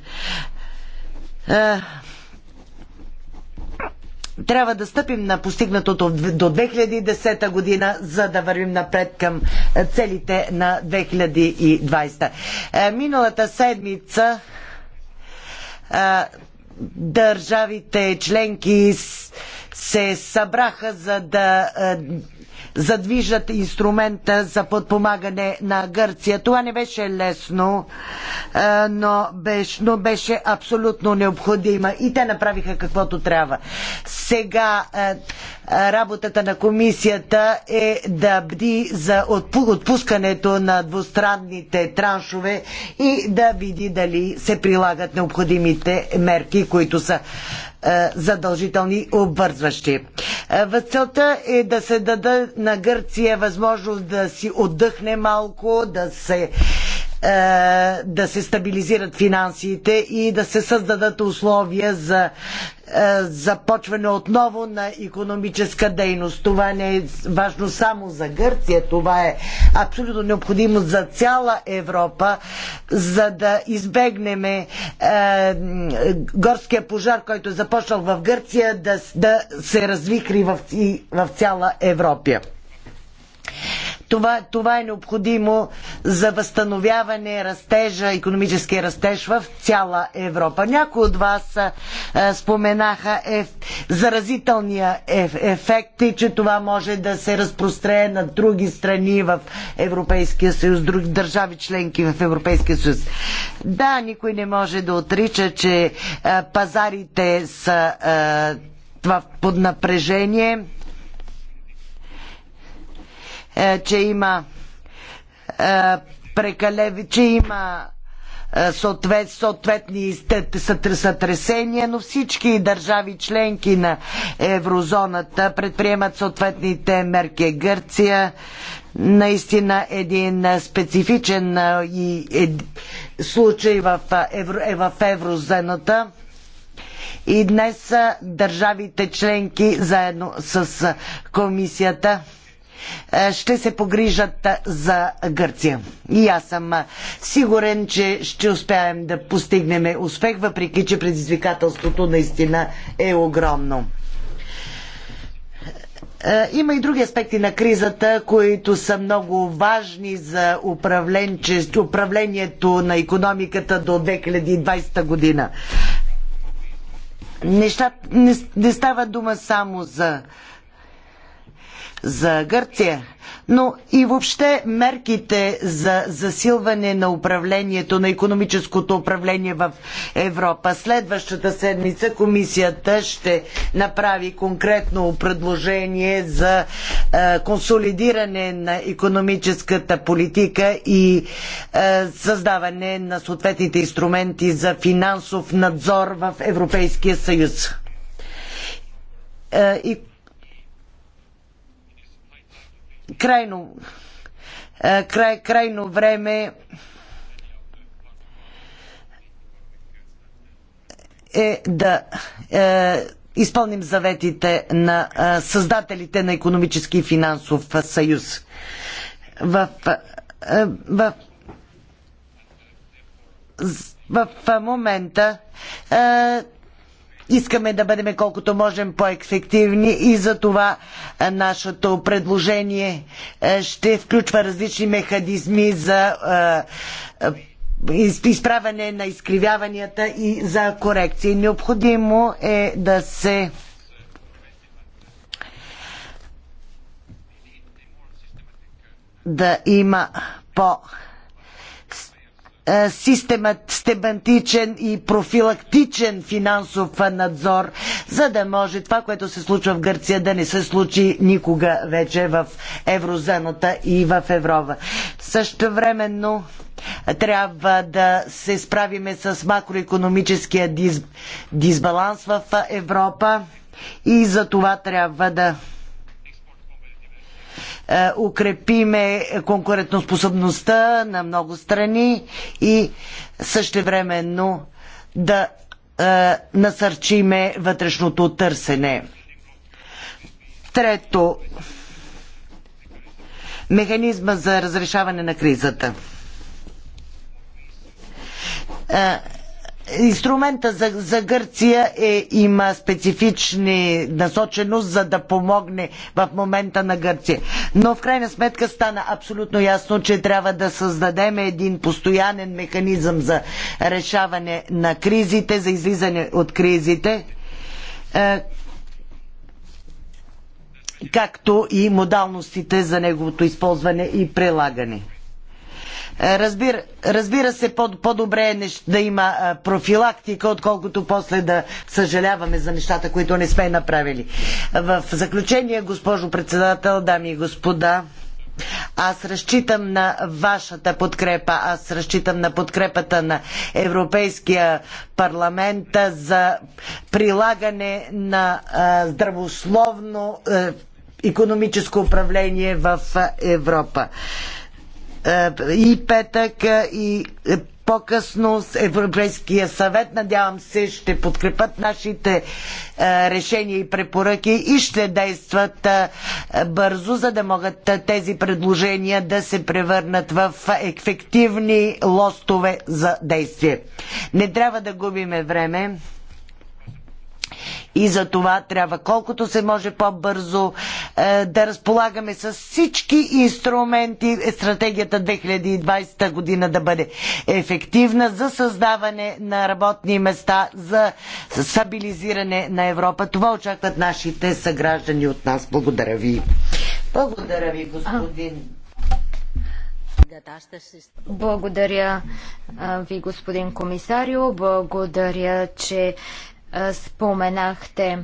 е, трябва да стъпим на постигнатото до 2010 година, за да вървим напред към целите на 2020. Е, миналата седмица е, държавите членки се събраха за да задвижат инструмента за подпомагане на Гърция. Това не беше лесно, но беше, но беше абсолютно необходима и те направиха каквото трябва. Сега работата на комисията е да бди за отпускането на двустранните траншове и да види дали се прилагат необходимите мерки, които са е, задължителни обвързващи. Е, целта е да се даде на Гърция възможност да си отдъхне малко, да се е, да се стабилизират финансите и да се създадат условия за е, започване отново на економическа дейност. Това не е важно само за Гърция, това е абсолютно необходимо за цяла Европа, за да избегнем е, горския пожар, който е започнал в Гърция, да, да се развихри в, и, в цяла Европия. Това, това е необходимо за възстановяване растежа, економическия растеж в цяла Европа. Някои от вас а, споменаха е, заразителния еф, ефект и че това може да се разпростре на други страни в Европейския съюз, други държави членки в Европейския съюз. Да, никой не може да отрича, че а, пазарите са а, това под напрежение е, че има е, прекалеви, че има е, съответ, съответни сътресения, но всички държави членки на еврозоната предприемат съответните мерки. Гърция наистина един специфичен и, е, случай в, евро, е в еврозената. И днес държавите членки заедно с комисията е, ще се погрижат за Гърция. И аз съм сигурен, че ще успеем да постигнем успех, въпреки че предизвикателството наистина е огромно. Е, има и други аспекти на кризата, които са много важни за управлението на економиката до 2020 година. Неща, не, не става дума само за за Гърция, но и въобще мерките за засилване на управлението, на економическото управление в Европа. Следващата седмица комисията ще направи конкретно предложение за е, консолидиране на економическата политика и е, създаване на съответните инструменти за финансов надзор в Европейския съюз. Е, и крайно, е, край, крайно време е да е, изпълним заветите на е, създателите на економически и финансов съюз. В, е, в, в, в момента е, Искаме да бъдем колкото можем по-ефективни и за това е, нашето предложение е, ще включва различни механизми за е, изправяне на изкривяванията и за корекции. Необходимо е да се да има по- е, систематичен и профилактичен финансов надзор, за да може това, което се случва в Гърция, да не се случи никога вече в еврозоната и в Европа. Същевременно трябва да се справиме с макроекономическия дисбаланс в Европа и за това трябва да е, укрепиме конкурентоспособността на много страни и същевременно да е, насърчиме вътрешното търсене. Трето, механизма за разрешаване на кризата е, Инструмента за, за Гърция е, има специфични насоченост, за да помогне в момента на Гърция. Но в крайна сметка стана абсолютно ясно, че трябва да създадем един постоянен механизъм за решаване на кризите, за излизане от кризите, е, както и модалностите за неговото използване и прилагане. Разбира, разбира се, по-добре е да има профилактика, отколкото после да съжаляваме за нещата, които не сме направили. В заключение, госпожо председател, дами и господа, аз разчитам на вашата подкрепа, аз разчитам на подкрепата на Европейския парламент за прилагане на а, здравословно а, економическо управление в Европа. Е, и петък е, и е, по-късно с Европейския съвет, надявам се, ще подкрепят нашите решения и препоръки и ще действат бързо, за да могат тези предложения да се превърнат в ефективни лостове за действие. Не трябва да губиме време. И за това трябва колкото се може по-бързо е, да разполагаме с всички инструменти е, стратегията 2020 година да бъде ефективна за създаване на работни места, за стабилизиране на Европа. Това очакват нашите съграждани от нас. Благодаря ви. Благодаря ви, господин. Благодаря ви, господин комисарио. Благодаря, че споменахте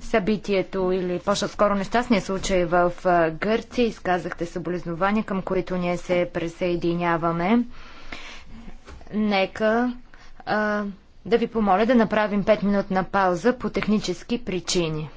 събитието или по-скоро нещастния случай в Гърция. Изказахте съболезнования, към които ние се присъединяваме. Нека а, да ви помоля да направим 5 минутна пауза по технически причини.